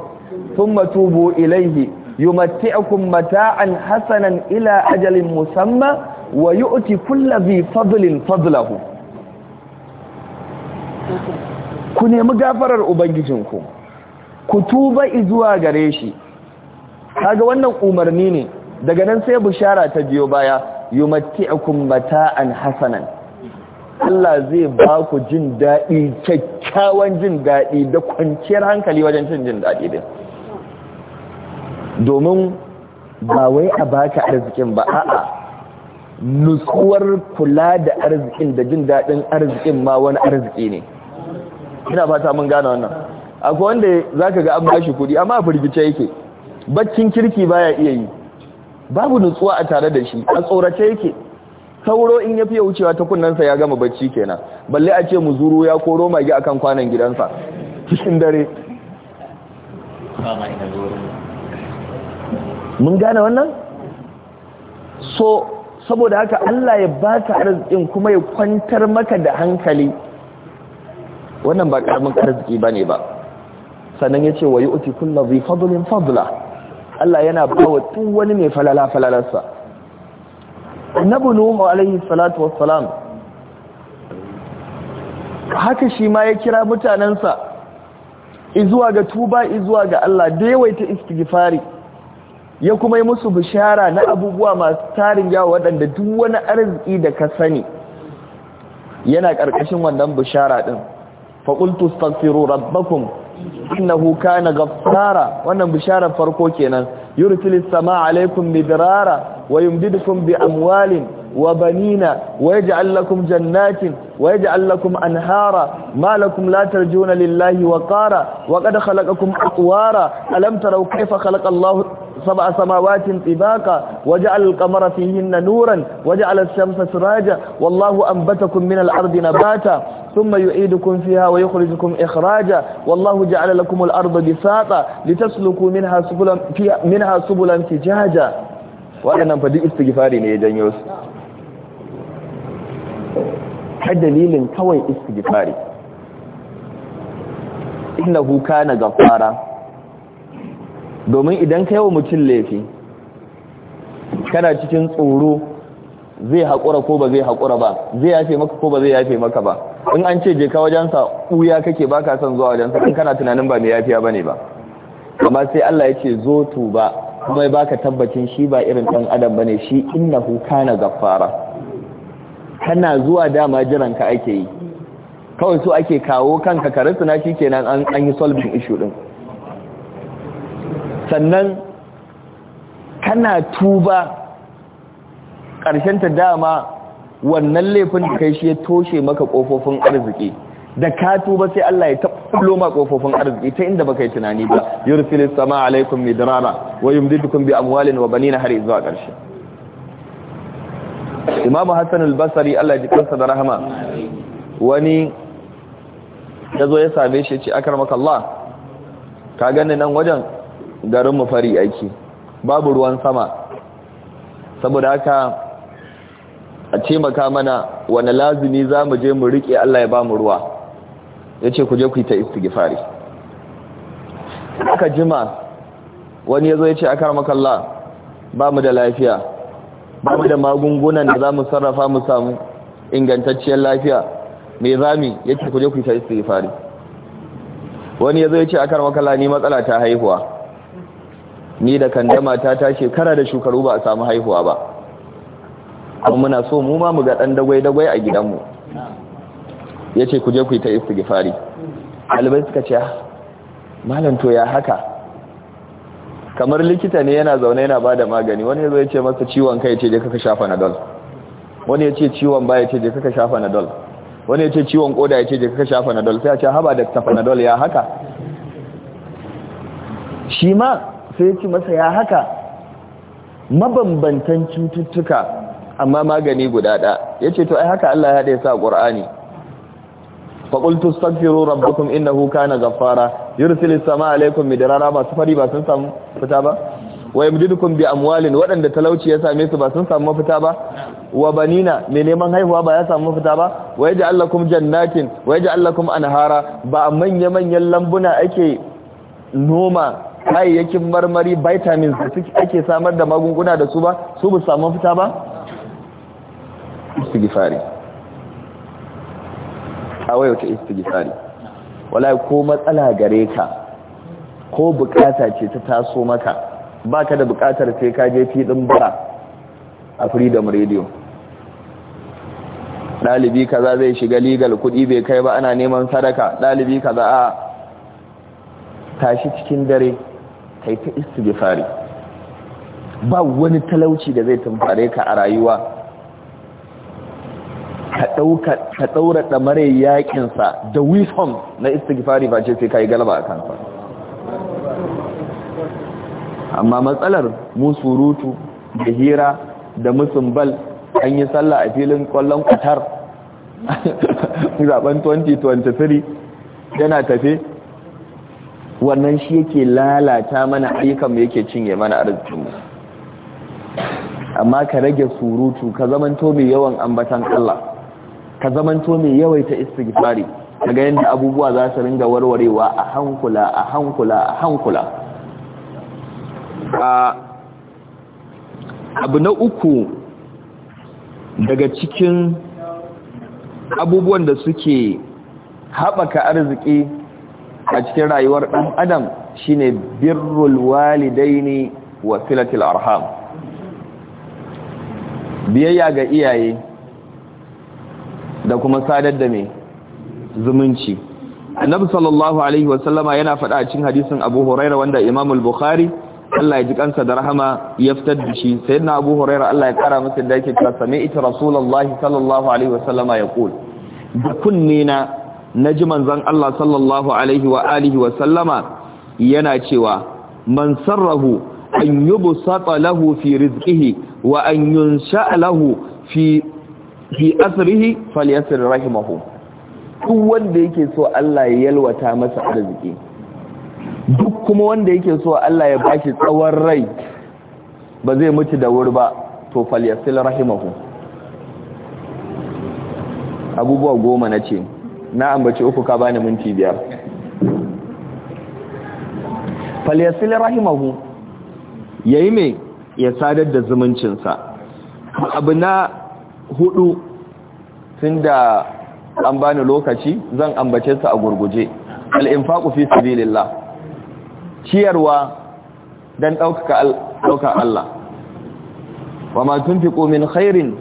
thumma tubu ilayhi yumatti'ukum mata'an hasanan ila ajalin musamma wa yu'ti kulli dhi fadlin fadlahu ku nemi gafarar ubangijinku ku tuba izuwa gare shi kaga wannan umarni ne daga nan sai bishara ta biyo baya yumatti'ukum mata'an hasanan Allah zai ba ku jin daɗi kyakkyawan jin daɗi da kwanciyar hankali wajen cin jin daɗi din domin ba wai a baka arzikin ba a'a nutsuwar kula da arzikin da jin dadin arzikin ma wani arziki ne ina fata mun gane wannan akwai wanda zaka ga an bashi kuɗi amma a firgice yake baccin kirki baya iya yi babu nutsuwa a tare da shi a tsorace yake sauro in ya fiye wucewa ta kunnensa ya gama bacci kenan balle a ce mu zuru ya koro magi akan kwanan gidansa cikin dare mun gane wannan so saboda haka Allah ya baka arzikin kuma ya kwantar maka da hankali wannan ba karamin arziki bane ba sannan yace wa uti kullu bi fadlin fadla Allah yana bawa duk wani mai falala falalarsa annabi nuhu alaihi salatu wassalam haka shi ma ya kira mutanensa izuwa ga tuba izuwa ga Allah da yawaita istighfari ya kuma yi musu bishara na abubuwa masu tarin yawa waɗanda duk wani arziki da ka sani yana ƙarƙashin wannan bishara ɗin faƙultu staghfiru rabbakum innahu kana ghaffara wannan bisharar farko kenan yursilis samaa alaikum midrara wa yumdidukum bi amwalin wa banina wa yaj'al lakum jannatin wa yaj'al lakum anhara ma lakum la tarjuna lillahi wa qara wa qad khalaqakum atwara alam taraw kayfa khalaqa Allahu سبع سماوات طباقا وجعل القمر فيهن نورا وجعل الشمس سراجا والله أنبتكم من الأرض نباتا ثم يعيدكم فيها ويخرجكم إخراجا والله جعل لكم الأرض بساطا لتسلكوا منها سبلا منها سبلا فجاجا وأنا fa استغفاري يا ne ya janyo su har dalilin kawai istighfari domin idan ka wa mutum laifi kana cikin tsoro zai haƙura ko ba zai haƙura ba zai yafe maka ko ba zai yafe maka ba in an ce je ka wajensa ɓuya kake ba ka son zuwa wajensa in kana tunanin ba mai yafiya ba ne ba amma sai Allah ya ce zo tuba kuma ba ka tabbacin shi ba irin ɗan adam ba ne shi kuka kana gaffara kana zuwa dama jiran ka ake yi kawai su ake kawo kanka ka na shi kenan an yi solving issue ɗin sannan kana tuba ƙarshen ta dama wannan laifin da kai shi ya toshe maka ƙofofin arziki da ka tuba sai Allah ya tabbulo ma ƙofofin arziki ta inda baka yi tunani ba yursil sama alaikum midrara wa yumdidukum bi amwalin wa banina har izuwa karshe Imam Hassan al-Basri Allah ya jikansa da rahama wani yazo ya same shi ya ce akarmaka Allah ka gani nan wajen garin mu fari ake babu ruwan sama saboda haka a taimaka mana wani lazumi za mu je mu riƙe Allah ya ba mu ruwa ya ce ku je ku yi ta istighfari aka jima wani ya zo ya ce a karmakalla ba mu da lafiya ba mu da magungunan da za mu sarrafa mu samu ingantacciyar lafiya mai zami ya ce ku je ku yi ta istighfari wani ya zo ya ce a karmakalla ni matsala ta haihuwa ni da kandama ta ta shekara da shekaru ba a samu haihuwa ba kuma muna so mu ma mu ga dan dagwai dagwai a gidanmu yace ku je ku yi ta istighfari albai suka ce ah, malam to ya haka kamar likita ne yana zaune yana bada magani wani yazo yace masa ciwon kai yace je kaka shafa nadol wani yace ciwon baya yace je kaka shafa nadol wani yace ciwon koda yace je kaka shafa nadol sai a ce haba da tafanadol ya haka shi ma sai ya ci masa ya haka mabambantan cututtuka amma magani guda ɗa ya ce to ai haka Allah ya ɗaya sa ƙur'ani faƙultu stagfiru rabbukum huka na gaffara yursil sama alaikum Midirara masu fari ba sun samu fita ba wa yamdidukum bi amwalin waɗanda talauci ya same su ba sun samu mafita ba wa banina mai neman haihuwa ba ya samu mafita ba wa yaji allakum jannatin wa yaji allakum anhara ba manya manyan lambuna ake noma kayayyakin marmari vitamins da suke ake samar da magunguna da su ba su bu samu fita ba A awai wata istighfari Wala ko matsala gare ka ko bukata ce ta taso maka ba ka da bukatar sai ka je fidin bara a freedom radio dalibi kaza zai shiga legal kuɗi bai kai ba ana neman sadaka dalibi kaza a tashi cikin dare kai ta istighfari ba wani talauci da zai tamfare ka a rayuwa ka ɗaura ka yaƙinsa da wisdom na istighfari ba ce sai ka galaba a kansa amma matsalar mu surutu da hira da musumbal an yi sallah a filin kwallon kwatar zaben 2023 yana tafe wannan shi yake lalata mana ayyukan mu yake cinye mana arzikin amma ka rage surutu ka zamanto mai yawan ambatan Allah ka zamanto mai yawaita istighfari kaga yanda abubuwa za su ringa warwarewa a hankula a hankula a hankula ah, abu na uku daga cikin abubuwan da suke haɓaka arziki a cikin rayuwar ɗan adam shi ne birrul walidaini wa filatil arham biyayya ga iyaye da kuma sadar da mai zumunci annabi sallallahu alaihi wasallama yana faɗa a cikin hadisin abu huraira wanda imamul bukhari Allah ya ji kansa da rahama ya fitar da shi sai na abu huraira Allah ya kara masa da yake cewa sami ita rasulullahi sallallahu alaihi wasallama ya kul da na na ji manzan Allah sallallahu alaihi wa alihi wa sallama yana cewa man sarrahu an yubsata lahu fi rizqihi wa an yunsha lahu fi fi asrihi falyasir rahimahu duk wanda yake so Allah ya yalwata masa arziki duk kuma wanda yake so Allah ya bashi tsawon rai ba zai mutu da wuri ba to falyasir rahimahu abubuwa goma na ce na ambaci uku ka bani minti biyar falyasil rahimahu yayi me ya sadar da zumuncinsa abu na hudu tunda an bani lokaci zan ambace sa a gurguje al-infaqu fi sabilillah ciyarwa dan daukaka Allah wa ma tunfiqu min khairin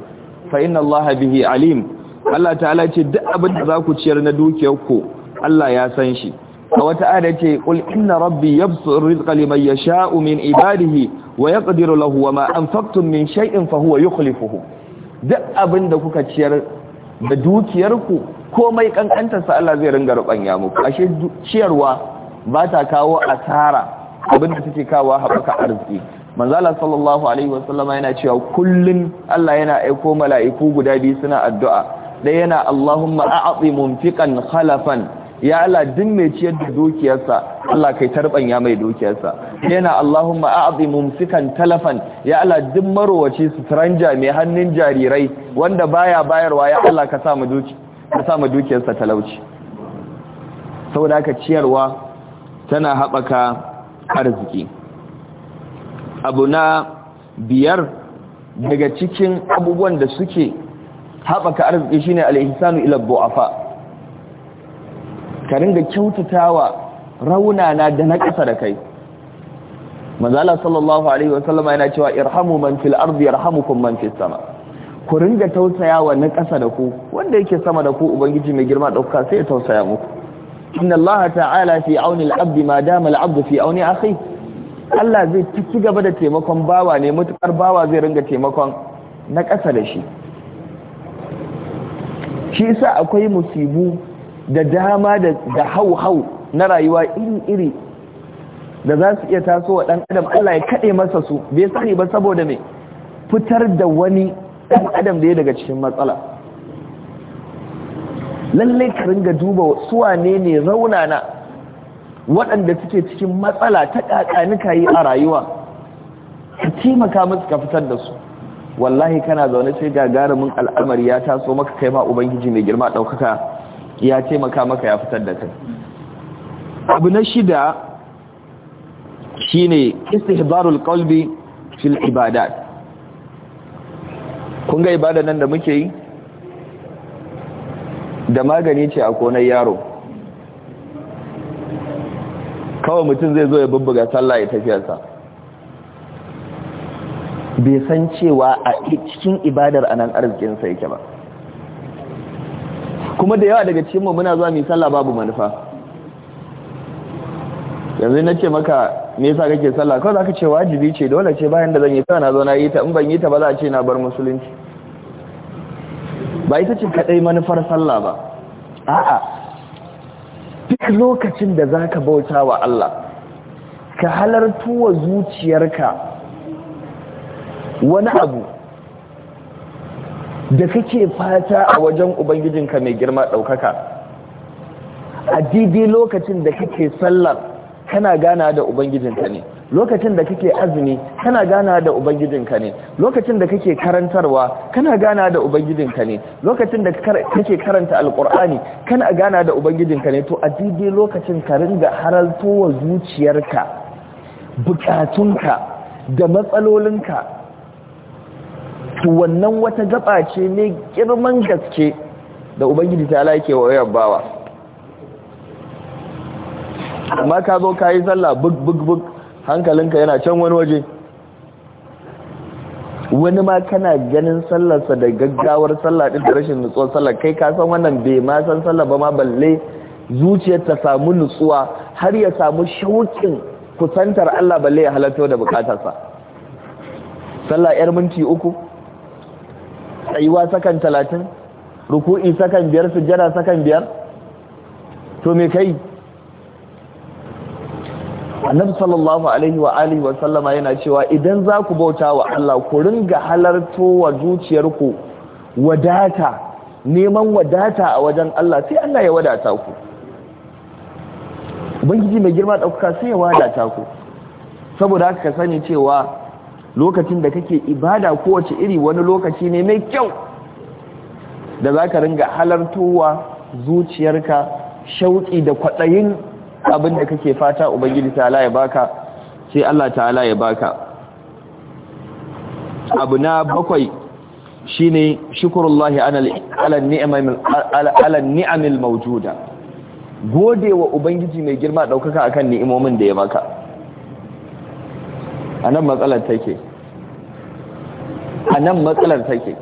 fa inna Allah bihi alim Allah ta'ala ce duk abin da za ku ciyar na dukiyarku Allah ya san shi a wata ayar ce qul inna rabbi yabsutur rizqa liman yasha'u min ibadihi wa yaqdiru lahu wa ma anfaqtum min shay'in fa huwa yukhlifuhu duk abin da kuka ciyar da dukiyarku komai kankantar sa Allah zai ringa rubanya muku ashe ciyarwa ba ta kawo asara abin da take kawo haɓaka arziki manzala sallallahu alaihi wasallama yana cewa kullun Allah yana aiko mala'iku guda biyu suna addu'a da yana Allahumma a'ti munfiqan khalafan ya Allah din mai ciyar da dukiyarsa Allah kai tarbanya mai dukiyarsa yana Allahumma a'ti munfiqan talafan ya Allah din marowaci stranja mai hannun jarirai wanda baya bayarwa ya Allah ka sa mu duki ka sa mu dukiyarsa talauci saboda ka ciyarwa tana haɓaka arziki abu na biyar daga cikin abubuwan da suke haɓaka arziki shine al-ihsanu ila ka ringa kyautatawa raunana da na ƙasa da kai manzala sallallahu alaihi wasallam yana cewa irhamu man fil ardi yarhamukum man fis sama ku ringa tausayawa na ƙasa da ku wanda yake sama da ku ubangiji mai girma dauka sai ya tausaya muku inna allaha ta'ala fi auni al-abd ma dama al-abd fi auni akhi Allah zai ci gaba da taimakon bawa ne mutukar bawa zai ringa taimakon na ƙasa da shi shi yasa akwai musibu da dama da hau-hau na rayuwa iri-iri da za su iya taso wa ɗan adam Allah ya kaɗe masa su bai sani ba saboda mai fitar da wani ɗan adam da ya daga cikin matsala Lallai ka ringa duba suwa ne ne raunana waɗanda suke cikin matsala ta ƙaƙanika yi a rayuwa ka taimaka musu ka fitar da su wallahi kana zaune sai gagarumin al'amari ya taso maka kai ma ubangiji mai girma ɗaukaka ya taimaka maka ya fitar da kai abu na shida shine istihbarul qalbi fil ibadat kun ga ibada nan da muke yi da magani ce a konar yaro kawai mutum zai zo ya bubbuga sallah ya tafiyarsa bai san cewa a cikin ibadar a anan arzikinsa yake ba kuma da yawa daga cikinmu muna zuwa mai sallah babu manufa yanzu na ce maka me yasa kake sallah kawai za ka ce wajibi ce dole ce bayan da zan yi ta zo na yi ta in ban yi ta ba za a ce na bar musulunci ba ita ce kadai manufar sallah ba a'a duk lokacin da za ka bauta wa Allah ka halartu wa zuciyarka wani abu da kake fata a wajen ubangijinka mai girma ɗaukaka a daidai lokacin da kake sallar kana gana da ubangijinka ne lokacin da kake azumi kana gana da ubangijinka ne lokacin da kake karantarwa kana gana da ubangijinka ne lokacin da kake karanta alkur'ani kana gana da ubangijinka ne to a daidai lokacin ka ringa haraltowa zuciyarka bukatunka da matsalolinka to wannan wata gaba ce ne girman gaske da ubangiji ta laike wa wayar bawa amma ka zo ka yi sallah bug bug bug hankalinka yana can wani waje wani ma kana ganin sallarsa da gaggawar sallar din da rashin nutsuwar sallar kai ka san wannan bai ma san sallar ba ma balle zuciyar ta samu nutsuwa har ya samu shauƙin kusantar Allah balle ya halatta da bukatarsa sallah yar minti uku tsayuwa sakan talatin ruku'i sakan biyar sujjada sakan biyar to me kai annabi sallallahu alaihi wa alihi wa sallama yana cewa idan za ku bauta wa Allah ku ringa halarto wa zuciyarku wadata neman wadata a wajen Allah sai Allah ya wadata ku ubangiji mai girma ɗauka sai ya wadata ku saboda haka ka sani cewa lokacin da kake ibada kowace iri wani lokaci ne mai kyau da za ka ringa halartowa zuciyarka shauƙi da kwaɗayin abin da kake fata ubangiji ta'ala ya baka sai Allah ta'ala ya baka abu na bakwai shine shukrullahi ala ni'amil ala ni'amil mawjuda godewa ubangiji mai girma ɗaukaka akan ni'imomin da ya maka a nan matsalar take anan matsalar take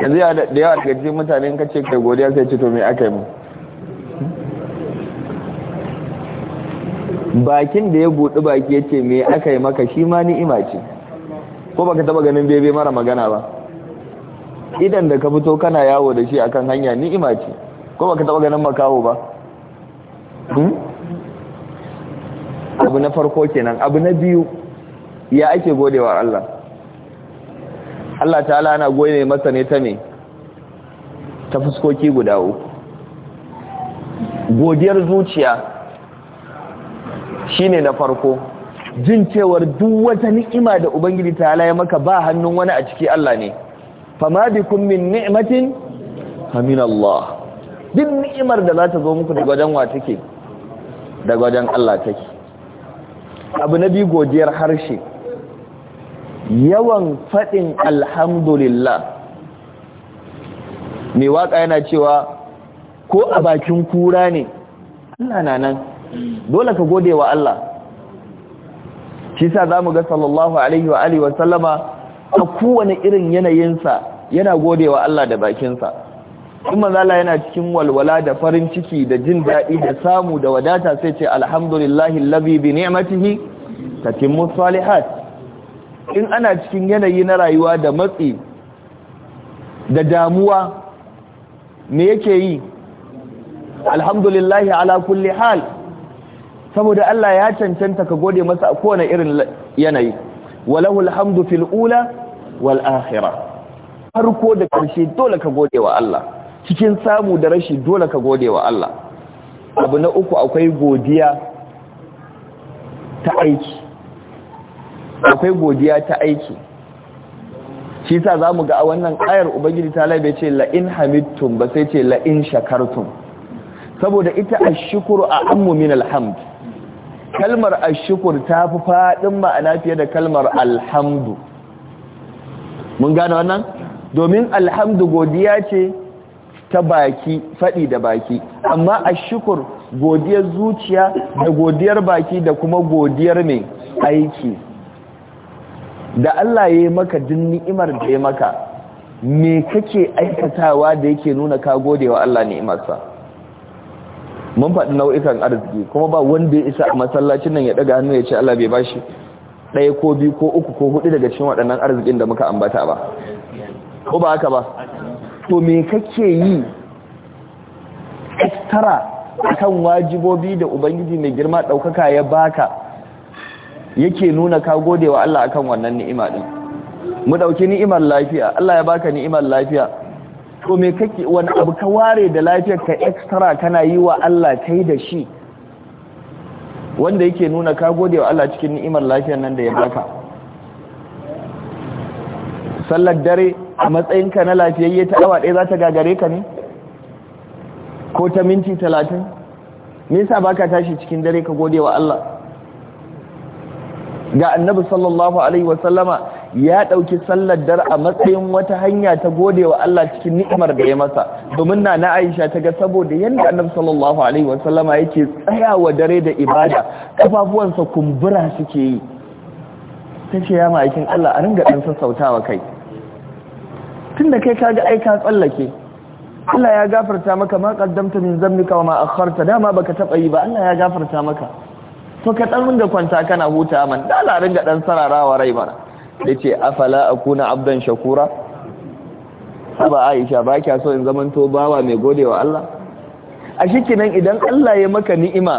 yanzu da yawa daga cikin mutane ka ce kai godiya sai ce to me aka yi mu bakin da ya buɗi baki ya ce me aka yi maka shi ma ni'ima ce ko baka taba ganin bebe mara magana ba idan da ka fito kana yawo da shi akan hanya ni'ima ce ko baka taba ganin makawo ba hmm? abu na farko kenan abu na biyu ya ake godewa Allah Allah ta'ala ana gode masa ne ta me ta fuskoki guda uku godiyar zuciya shine na farko jin cewar duk wata ni'ima da ubangiji ta'ala ya maka ba hannun wani a ciki Allah ne fama bikum min ni'matin famin Allah duk ni'imar da za ta zo muku daga wajen wa take daga wajen Allah take abu na biyu godiyar harshe yawan faɗin alhamdulillah mai waƙa yana cewa ko a bakin kura ne Allah na nan dole ka gode wa Allah shi sa za mu ga sallallahu alaihi wa wa sallama a kowane irin yanayinsa yana gode wa Allah da bakinsa in manzala yana cikin walwala da farin ciki da jin daɗi da samu da wadata sai ce alhamdulillahi labi bi ta tatimmu salihat in ana cikin yanayi na rayuwa da matsi da damuwa me yake yi alhamdulillahi ala kulli hal saboda Allah ya cancanta ka gode masa a kowane irin yanayi walahu alhamdu fil ula wal akhirah farko da karshe dole ka gode wa Allah cikin samu da rashi dole ka gode wa Allah abu na uku akwai godiya ta aiki akwai godiya ta aiki shi sa za mu ga a wannan ayar ubangiji ta laibe ce la'in hamidtum ba sai ce la'in shakartum saboda ita ashukur a ammu min alhamd kalmar ashukur ta fi faɗin ma'ana fiye da kalmar alhamdu mun gane wannan domin alhamdu godiya ce ta baki faɗi da baki amma ashukur godiyar zuciya da godiyar baki da kuma godiyar mai aiki da Allah ya yi maka din ni'imar da ya maka me kake aikatawa da yake nuna ka gode wa Allah ni'imarsa mun faɗi nau'ikan arziki kuma ba wanda ya isa a masallacin nan ya daga hannu ya ce Allah bai bashi ɗaya ko biyu ko uku ko hudu daga cikin waɗannan arzikin da muka ambata ba ko ba haka ba to me kake yi extra akan wajibobi da ubangiji mai girma ɗaukaka ya baka yake nuna ka gode wa Allah akan wannan ni'ima din mu dauki ni'imar lafiya Allah ya baka ni'imar lafiya to me kake wani abu ka ware da lafiyar ka extra kana yi wa Allah kai da shi wanda yake nuna ka gode wa Allah cikin ni'imar lafiyar nan da ya baka sallar dare a matsayinka na lafiyayye ta awa ɗaya za ta gagare ka ne ko ta minti talatin me yasa baka tashi cikin dare ka gode wa Allah ga annabi sallallahu alaihi wasallama ya ɗauki sallar dar a matsayin wata hanya ta gode wa Allah cikin ni'imar da ya masa domin na na Aisha ta ga saboda yadda annabi sallallahu alaihi wasallama yake tsayawa dare da ibada kafafuwansa kumbura suke yi ta ce ya ma'aikin Allah a ringa ɗan sassautawa kai tun da kai ka ga ka tsallake Allah ya gafarta maka ma kaddamta min zambika wa ma akharta dama baka taɓa yi ba Allah ya gafarta maka to ka dan ringa kwanta kana huta man da la ringa dan sararawa rai mana yace afala akuna abdan shakura saba Aisha ba kya so in to bawa mai godewa Allah a shikinan idan Allah ya maka ni'ima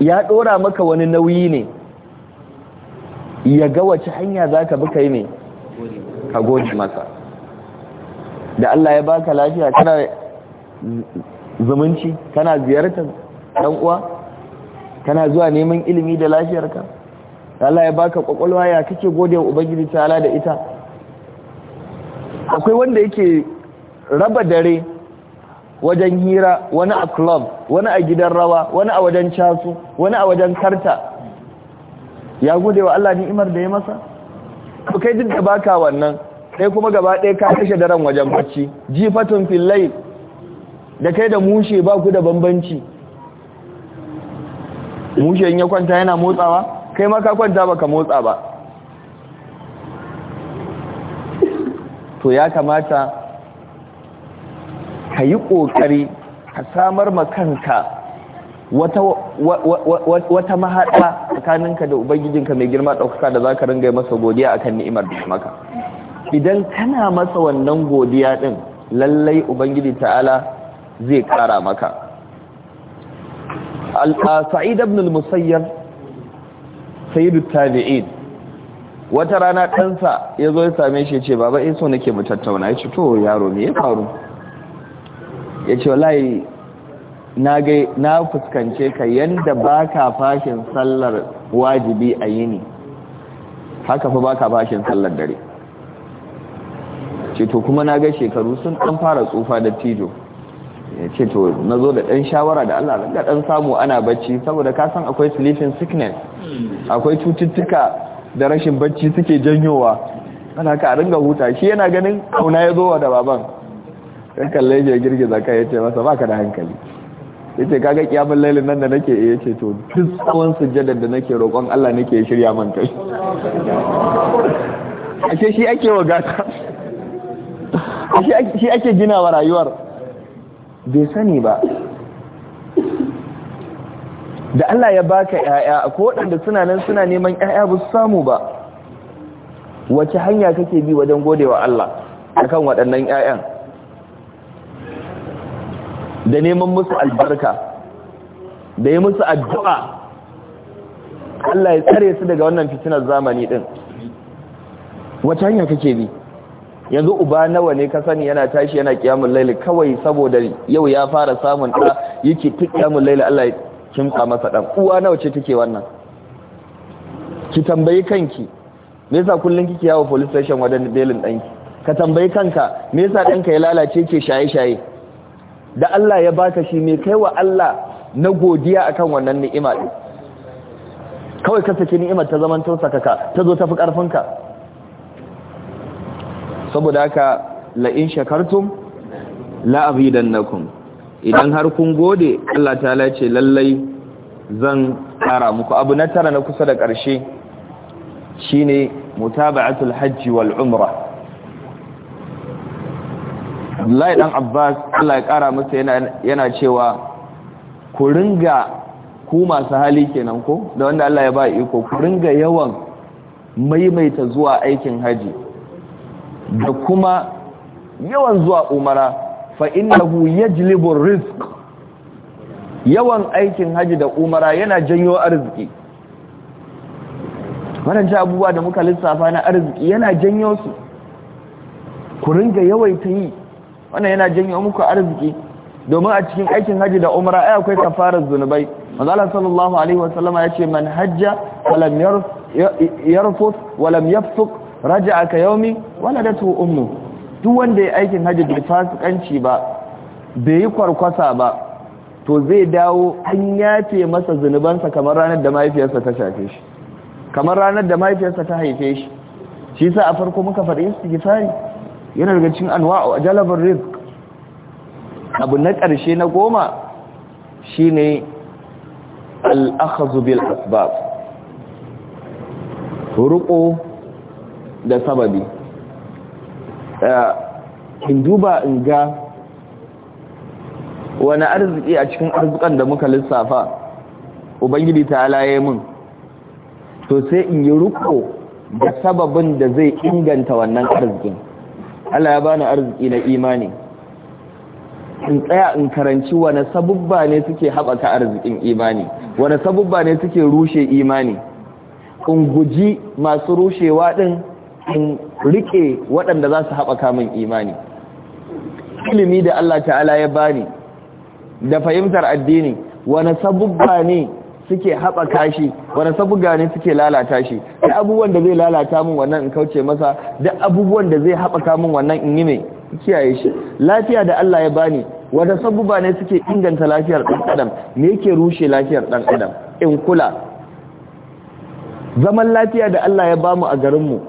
ya dora maka wani nauyi ne ya ga wace hanya zaka bi kai ne ka gode masa da Allah ya baka lafiya kana zumunci kana ziyartar dan uwa kana zuwa neman ilimi da lafiyarka Allah ya baka kwakwalwa ya kake gode wa ubangiji ta'ala da ita akwai wanda yake raba dare wajen hira wani a club wani a gidan rawa wani a wajen casu wani a wajen karta ya gode wa Allah ni'imar da ya masa to kai duk da baka wannan sai kuma gaba ɗaya ka kashe daren wajen bacci jifatun fillai da kai da mushe ba ku da bambanci mushe in ya kwanta yana motsawa kai ma ka kwanta baka motsa ba to ya kamata ka yi ƙoƙari ka samar ma kanka wata wata mahaɗa tsakaninka da ubangijinka mai girma ɗaukaka da za ka ringa masa godiya akan ni'imar da maka idan kana masa wannan godiya ɗin lallai ubangiji ta'ala zai ƙara maka al-sa'id ibn al-musayyab sayyidu tabi'in wata rana ɗansa ya zo ya same shi ce baba in so nake mu tattauna ya ce to yaro ne ya faru ya ce wallahi na na fuskance ka yanda baka fashin sallar wajibi a yini haka fa baka fashin sallar dare ce to kuma na ga shekaru sun ɗan fara tsufa da tijo ya ce to na zo da ɗan shawara da Allah da ɗan samu ana bacci saboda ka san akwai sleeping sickness akwai cututtuka da rashin bacci suke janyowa ana ka ringa huta shi yana ganin kauna ya zo da baban ɗan kalle ya girgiza kai ya ce masa ba ka da hankali ya ce kaga kiyamun lailin nan da nake ya ce to duk tsawon sujjadar da nake roƙon Allah nake shirya man kai ashe shi ake wa gata shi ake gina wa rayuwar bai sani ba da Allah ya baka ƴaƴa ko waɗanda suna nan suna neman ƴaƴa ba su samu ba wace hanya kake bi wajen godewa Allah akan waɗannan ƴaƴan da neman musu albarka da yi musu addu'a Allah ya tsare su daga wannan fitinar zamani din wace hanya kake bi yanzu uba nawa ne ka sani yana tashi yana kiyamun laili kawai saboda yau ya fara samun ɗa yake ta kiyamun laili Allah ya masa ɗan uwa nawa ce take wannan ki tambayi kanki me yasa kullum kike yawo police station wajen belin ɗanki ka tambayi kanka me yasa ɗanka ya lalace ke shaye-shaye da Allah ya baka shi me kai wa Allah na godiya akan wannan ni'ima ɗin kawai ka saki ni'imar ta zaman tausaka ka ta zo ta fi ka saboda haka la'in shakartum kun idan har kun gode Allah ta ce lallai zan kara muku abu na tara na kusa da ƙarshe shine mutaba'atul hajji wal umra Allah dan Abbas Allah ya ƙara masa yana cewa ku ringa ku masu hali kenan ko da wanda Allah ya ba iko ku ringa yawan maimaita zuwa aikin haji da kuma yawan zuwa umara fa innahu yajlibu rizq yawan aikin haji da umara yana janyo arziki waɗancan abubuwa da muka lissafa na arziki yana janyo su ku ringa yawaita yi wannan yana janyo muku arziki domin a cikin aikin haji da umara ai akwai kafarar zunubai manzala sallallahu alaihi wasallama ya ce man hajja walam yarfus walam yafsuq raja aka yaumi waladatu ummu duk wanda ya aikin hajji bai fasikanci ba bai yi kwarkwasa ba to zai dawo an yace masa zunubansa kamar ranar da mahaifiyarsa ta shafe shi kamar ranar da mahaifiyarsa ta haife shi shi yasa a farko muka faɗi istighfari yana daga cikin anwa'u ajalabur rizq abu na ƙarshe na goma shine al-akhdhu bil asbab ruqo da sababi eh, in duba in ga wani arziki a cikin arzikan da muka lissafa ubangiji ta halaye mun to sai in yi ruko da sababin da zai inganta wannan arzikin Allah ya bani arziki na imani in tsaya in karanci wani sabubba ne suke haɓaka arzikin imani wani sabubba ne suke rushe imani in guji masu rushewa ɗin in rike waɗanda za su haɓaka min imani ilimi da Allah ta'ala ya bani da fahimtar addini wani sabubba ne suke haɓaka shi wani sabubba ne suke lalata shi da abubuwan da zai lalata min wannan in kauce masa da abubuwan da zai haɓaka min wannan in yi mai kiyaye shi lafiya da Allah ya bani wani sabubba ne suke inganta lafiyar ɗan adam me yake rushe lafiyar ɗan adam in kula zaman lafiya da Allah ya bamu a garinmu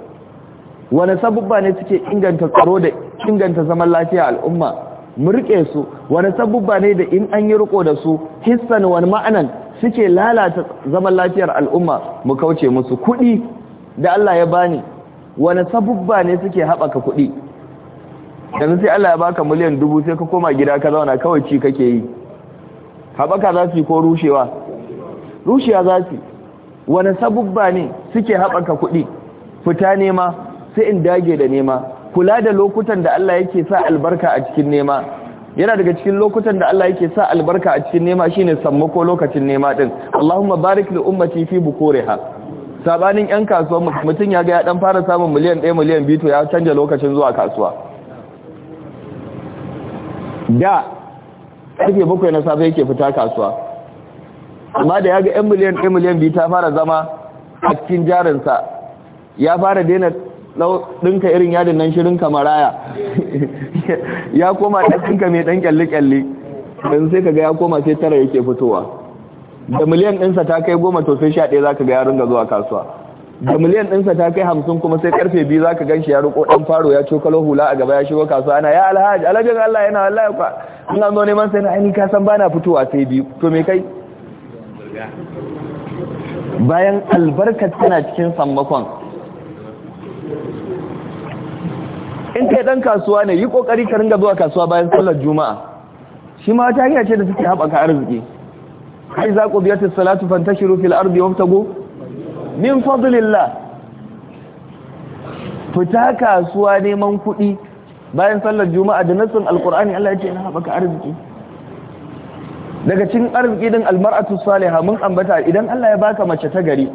wani sabubba ne suke inganta tsaro da inganta zaman lafiya al'umma mu rike su wani sabubba ne da in an yi riko da su hissan wani ma'anan suke lalata zaman lafiyar al'umma mu kauce musu kuɗi da Allah ya bani wani sabubba ne suke haɓaka kuɗi yanzu sai Allah ya baka miliyan dubu sai ka koma gida ka zauna kawai ci kake yi haɓaka za su yi ko rushewa rushewa za su yi. wani sabubba ne suke haɓaka kuɗi fita nema sai in dage da nema kula da lokutan da Allah yake sa albarka a cikin nema yana daga cikin lokutan da Allah yake sa albarka a cikin nema shine sammako lokacin nema din Allahumma barik li ummati fi bukuriha sabanin yan kasuwa mutum ya ga ya dan fara samun miliyan 1 miliyan 2 to ya canja lokacin zuwa kasuwa da karfe bakwai na safe yake fita kasuwa amma da ya ga 1 miliyan 1 miliyan 2 ta fara zama a cikin jarinsa ya fara daina ɗinka irin yadin nan shirin maraya ya koma ɗinka mai ɗan kyalle-kyalle ɗin sai kaga ya koma sai tara yake fitowa da miliyan ɗinsa ta kai goma to sai sha ɗaya za ka ga yarin ga zuwa kasuwa da miliyan ɗinsa ta kai hamsin kuma sai ƙarfe biyu za ka ganshi ya roƙo ɗan faro ya kalo hula a gaba ya shigo kasuwa ana ya alhaji alhajin allah yana ya kwa in an zo neman sai na ainihin ka san bana fitowa sai biyu to me kai bayan albarkar tana cikin sammakon in kai dan kasuwa ne yi kokari ka ringa zuwa kasuwa bayan sallar juma'a shi ma wata hanya ce da suke haɓaka arziki kai za ku biyar salatu fantashiru fil ardi wabtagu min fadlillah fita kasuwa neman kuɗi bayan sallar juma'a da nassin alqur'ani Allah ya ce na haɓaka arziki daga cikin arziki din almar'atu salihah mun ambata idan Allah ya baka mace ta gari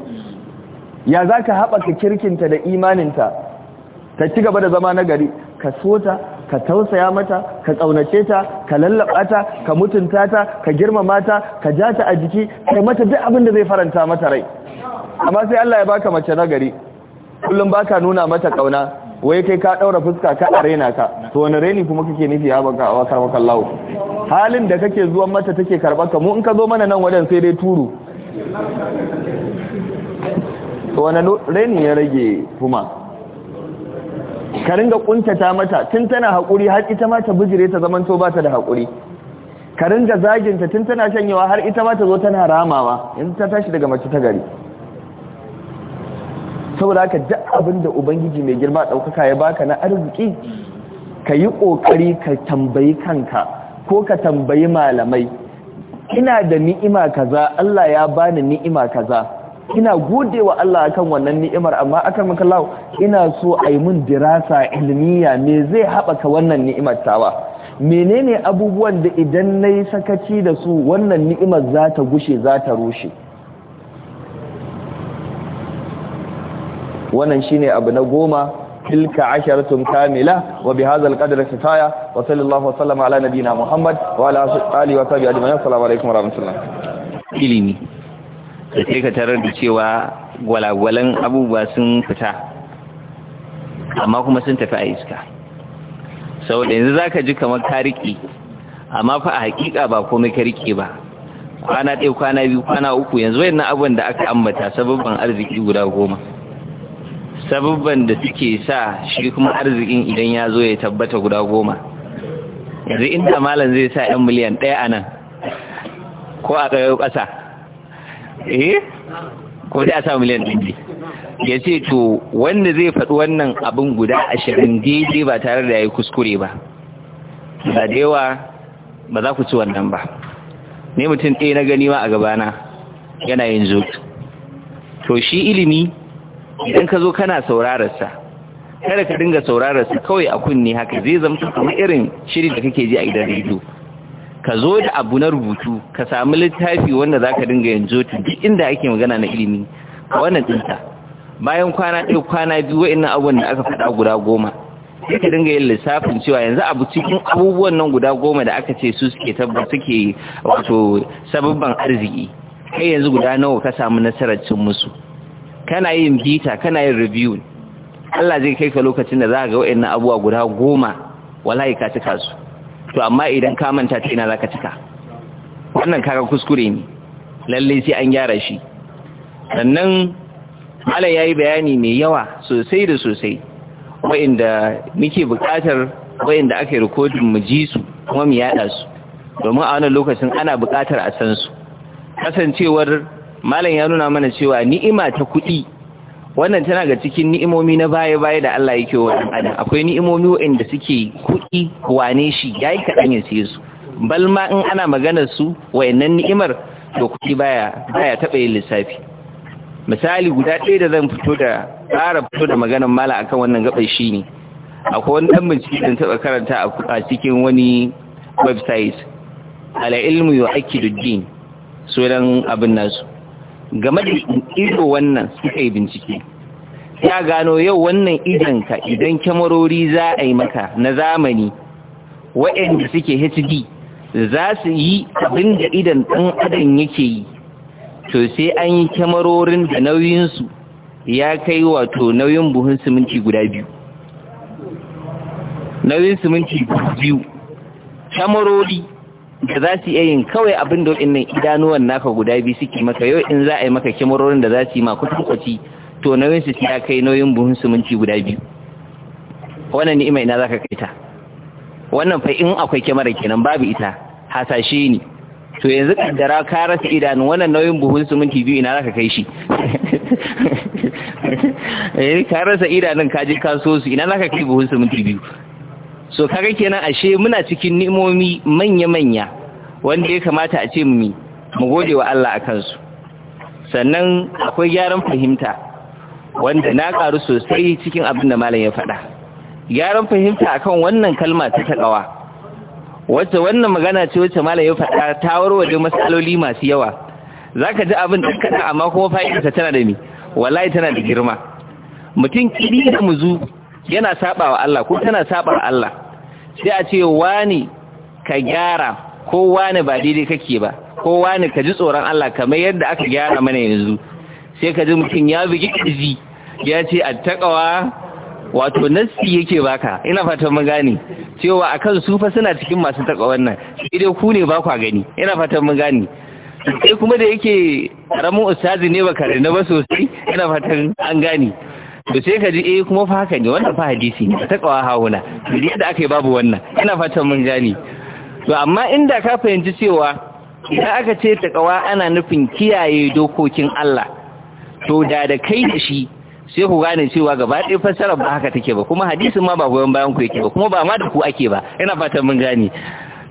ya zaka haɓaka kirkinta da imaninta ta ci gaba da zama nagari ka so ta ka tausaya mata ka tsaunace ta ka lallaba ta ka mutunta ta ka girmama ta ka ja ta a jiki kai mata duk abin da zai faranta mata rai amma sai Allah ya baka mace nagari kullum baka nuna mata kauna wai kai ka daura fuska ka arena ka to wani raini kuma kake nufi ya baka wa karbaka Allah halin da kake zuwan mata take karbaka mu in ka zo mana nan wajen sai dai turu to wani raini ya rage kuma ka ringa kuntata mata tun tana haƙuri har ita ma ta bijire ta zaman to ta da haƙuri ka ringa zaginta tun tana shanyewa har ita ma ta zo tana ramawa yanzu ta tashi daga mace ta gari saboda ka duk abin da ubangiji mai girma ɗaukaka ya baka na arziki ka yi ƙoƙari ka tambayi kanka ko ka tambayi malamai ina da ni'ima kaza Allah ya bani ni'ima kaza ina gode wa Allah akan wannan ni'imar amma akan makallahu ina so a yi min dirasa ilmiya me zai haɓaka wannan ni'imar tawa menene abubuwan da idan na yi sakaci da su wannan ni'imar za ta gushe za ta rushe wannan shine abu na goma tilka asharatun kamila wa bi hadha alqadri kifaya wa sallallahu wa sallama ala nabiyyina muhammad wa ala alihi wa sahbihi ajma'in assalamu alaikum wa rahmatullah ilimi da sai ka tarar da cewa gwalagwalan abubuwa sun fita amma kuma sun tafi a iska saboda yanzu za ka ji kamar ka riƙe amma fa a haƙiƙa ba komai ka riƙe ba kwana ɗaya kwana biyu kwana uku yanzu wayannan abin da aka ambata sababban arziki guda goma sababban da suke sa shi kuma arzikin idan ya zo ya tabbata guda goma yanzu inda malam zai sa 'yan miliyan ɗaya a nan ko a ƙasa eh ko da a sa miliyan ɗari ya ce to wanda zai faɗi wannan abin guda ashirin daidai ba tare da yayi kuskure ba ba da yawa ba za ku ci wannan ba ne mutum ɗaya na gani ma a gabana yana yin zuci. to shi ilimi idan ka zo kana saurararsa kada ka dinga saurararsa kawai a kunne haka zai zama kamar irin shiri da kake ji a gidan rediyo ka zo da abu na rubutu ka samu littafi wanda za ka dinga yanzu duk inda ake magana na ilimi ka wannan tsinta. bayan kwana ɗaya kwana biyu wa'annan abubuwan da aka faɗa guda goma sai ka dinga yin lissafin cewa yanzu abu cikin abubuwan nan guda goma da aka ce su suke tabbar suke wato sababban arziki kai yanzu guda nawa ka samu nasarar cin musu kana yin bita kana yin review Allah zai kai ka lokacin da za ka ga wa'annan abubuwa guda goma wallahi ka cika su to amma idan ka manta ta ina zaka cika wannan kaga kuskure ne lalle sai an gyara shi sannan malam yayi bayani mai yawa sosai da sosai wa'inda muke buƙatar wa'inda aka yi rikodin mu ji su kuma mu yada su domin a wannan lokacin ana buƙatar a san su kasancewar malam ya nuna mana cewa ni'ima ta kuɗi wannan tana ga cikin ni'imomi na baya-baya da Allah yake wa ɗan adam akwai ni'imomi waɗanda suke kuɗi wane shi ya yi kaɗan ya siye su Balma in ana maganar su wayannan ni'imar to kuɗi baya baya taɓa yin lissafi misali guda ɗaya da zan fito da ƙara fito da maganar mala akan wannan gaɓar shi ne akwai wani ɗan bincike da taɓa karanta a cikin wani website ala ilmu yu'akkidu din sunan abin nasu game da ido wannan suka yi bincike ya gano yau wannan idanka idan kyamarori za a yi maka na zamani waɗanda suke HD za su yi abin da idan ɗan adam yake yi to sai an yi kyamarorin da nauyinsu ya kai wato nauyin buhun siminti guda biyu nauyin siminti biyu kyamarori da za su iya yin kawai abin da nan idanuwan naka guda biyu suke maka yau in za a yi maka kyamarorin da za su yi ma kwaci to nauyin su ta kai nauyin buhun suminti guda biyu wannan ni'ima ina za ka kai ta wannan fa in akwai kyamarar kenan babu ita hasashe ne to yanzu kaddara ka rasa idanu wannan nauyin buhun suminti biyu ina za ka kai shi eh, ka rasa idanun ka je ka so su ina za ka kai buhun suminti biyu so kaga kenan ashe muna cikin ni'imomi manya-manya wanda ya kamata a ce mu mu gode wa Allah a kansu sannan akwai gyaran fahimta wanda na karu sosai cikin abin da malam ya faɗa gyaran fahimta akan wannan kalma ta takawa wacce wannan magana ce wacce malam ya faɗa ta da matsaloli masu yawa zaka ji abin da kada amma kuma fa'idarsa tana da me wallahi tana da girma mutum kidi da muzu yana saba wa Allah ko tana saba wa Allah sai a ce wani ka gyara ko wani ba daidai kake ba ko wani ka ji tsoron Allah kamar yadda aka gyara mana yanzu sai ka ji mutum ya bugi kizi ya ce attaqwa wato nassi yake baka ina fatan mun gane cewa akan su fa suna cikin masu takawa wannan idan ku ne ba ku gani ina fatan mun gane sai kuma da yake karamin ustazi ne baka rina ba sosai ina fatan an gane da sai ka ji eh kuma fa haka ne wannan fa hadisi ne ta kawa hauna da yadda aka yi babu wannan ina fatan mun gani to amma inda ka fahimci cewa idan aka ce ta kawa ana nufin kiyaye dokokin Allah to da da kai da shi sai ku gane cewa gaba ɗaya fassarar ba haka take ba kuma hadisin ma ba goyon bayan ku yake ba kuma ba ma da ku ake ba ina fatan mun gani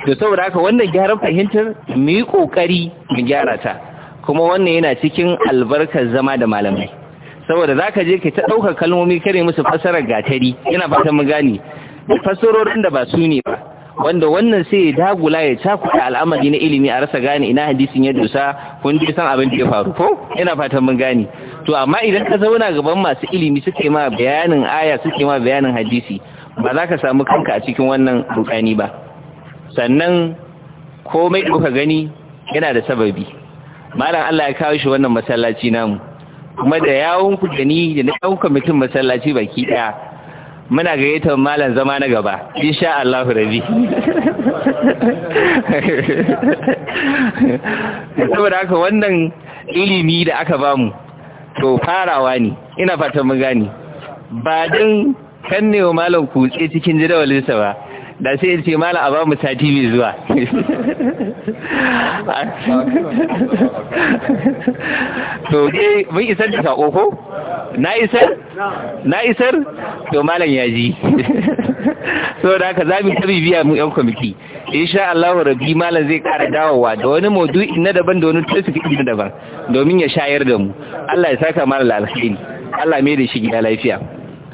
to saboda haka wannan gyaran fahimtar mu yi kokari mu gyara ta kuma wannan yana cikin albarkar zama da malamai saboda za ka je ka ta ɗaukar kalmomi kare musu fasarar gatari yana fatan mu da fasarorin da ba su ne ba wanda wannan sai ya dagula ya cakuta al'amari na ilimi a rasa gane ina hadisin ya dusa kun je san abin da ya faru ko yana fatan mun gane to amma idan ka zauna gaban masu ilimi suke ma bayanin aya suke ma bayanin hadisi ba za ka samu kanka a cikin wannan rukani ba sannan komai da kuka gani yana da sababi malam Allah ya kawo shi wannan masallaci namu kuma da yawon ku da ni da na ɗauka mutum masallaci baki ɗaya muna gayyatar malam zama na gaba insha Allah rabi saboda haka wannan ilimi da aka bamu to farawa ne ina fatan mun gani ba din kannewa malam kutse cikin jadawalinsa ba da sai ce mala a ba mu sati mai zuwa to ne eh, mun isar da sako ko na isar na isar to malam ya ji so da haka zami ta bibiya mu yan kwamiti insha Allah rabbi malam zai kara dawowa da wani maudu'i na daban da wani tasiri na daban domin ya shayar da mu Allah ya saka malam alkhairi Allah mai da shi gida lafiya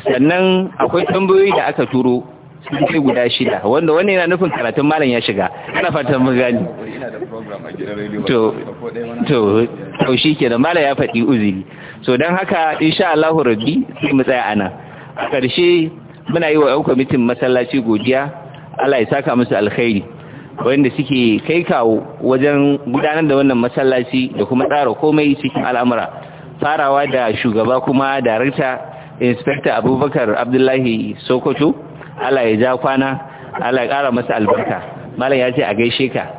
sannan akwai tambayoyi da aka turo sai guda shida wanda wani yana nufin karatun malam ya shiga ana fatan mu gani to to to shikenan malam ya faɗi uzuri so dan haka insha Allah rabbi sai mu tsaya ana a ƙarshe muna yi wa yan kwamitin masallaci godiya Allah ya saka musu alkhairi wanda suke kai kawo wajen gudanar da wannan masallaci da kuma tsara komai cikin al'amura farawa da shugaba kuma darakta inspector abubakar abdullahi sokoto Allah ya ja kwana Allah ya ƙara masa albarka malam ya ce a gaishe ka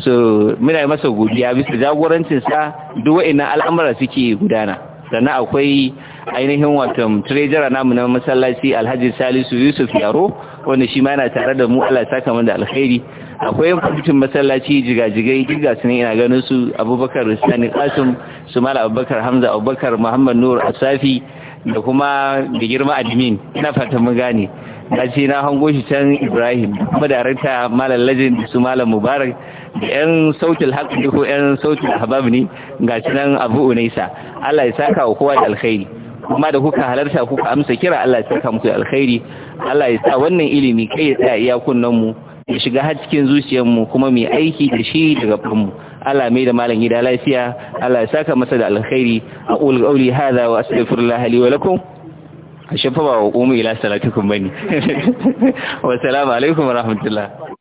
so muna yi masa godiya bisa jagorancinsa duk wa'annan al'amura suke gudana sannan akwai ainihin watan treasurer namu na masallaci Alhaji Salisu Yusuf Yaro wanda shi ma yana tare da mu Allah ya saka da alkhairi akwai kwamitin masallaci jigajigai giga su ne ina ganin su abubakar sani kasim su mala abubakar hamza abubakar muhammad nur asafi da kuma da girma admin ina fata mun gane ya ce na hango shi can ibrahim kuma darakta malam lajin su malam mubarak da yan sautin haƙi ko yan sautin habab ne ga shi nan abu unaisa allah ya saka wa kowa da alkhairi kuma da kuka halarta kuka amsa kira allah ya saka muku da alkhairi allah ya sa wannan ilimi kai ya tsaya iyakun nan mu ya shiga har cikin zuciyar mu kuma mai aiki da shi daga mu Allah mai da malam gida lafiya Allah ya saka masa da alkhairi aqul qawli hadha wa astaghfirullah li wa lakum ashe fa ba wa qumu ila salatikum bane wa assalamu alaikum wa rahmatullah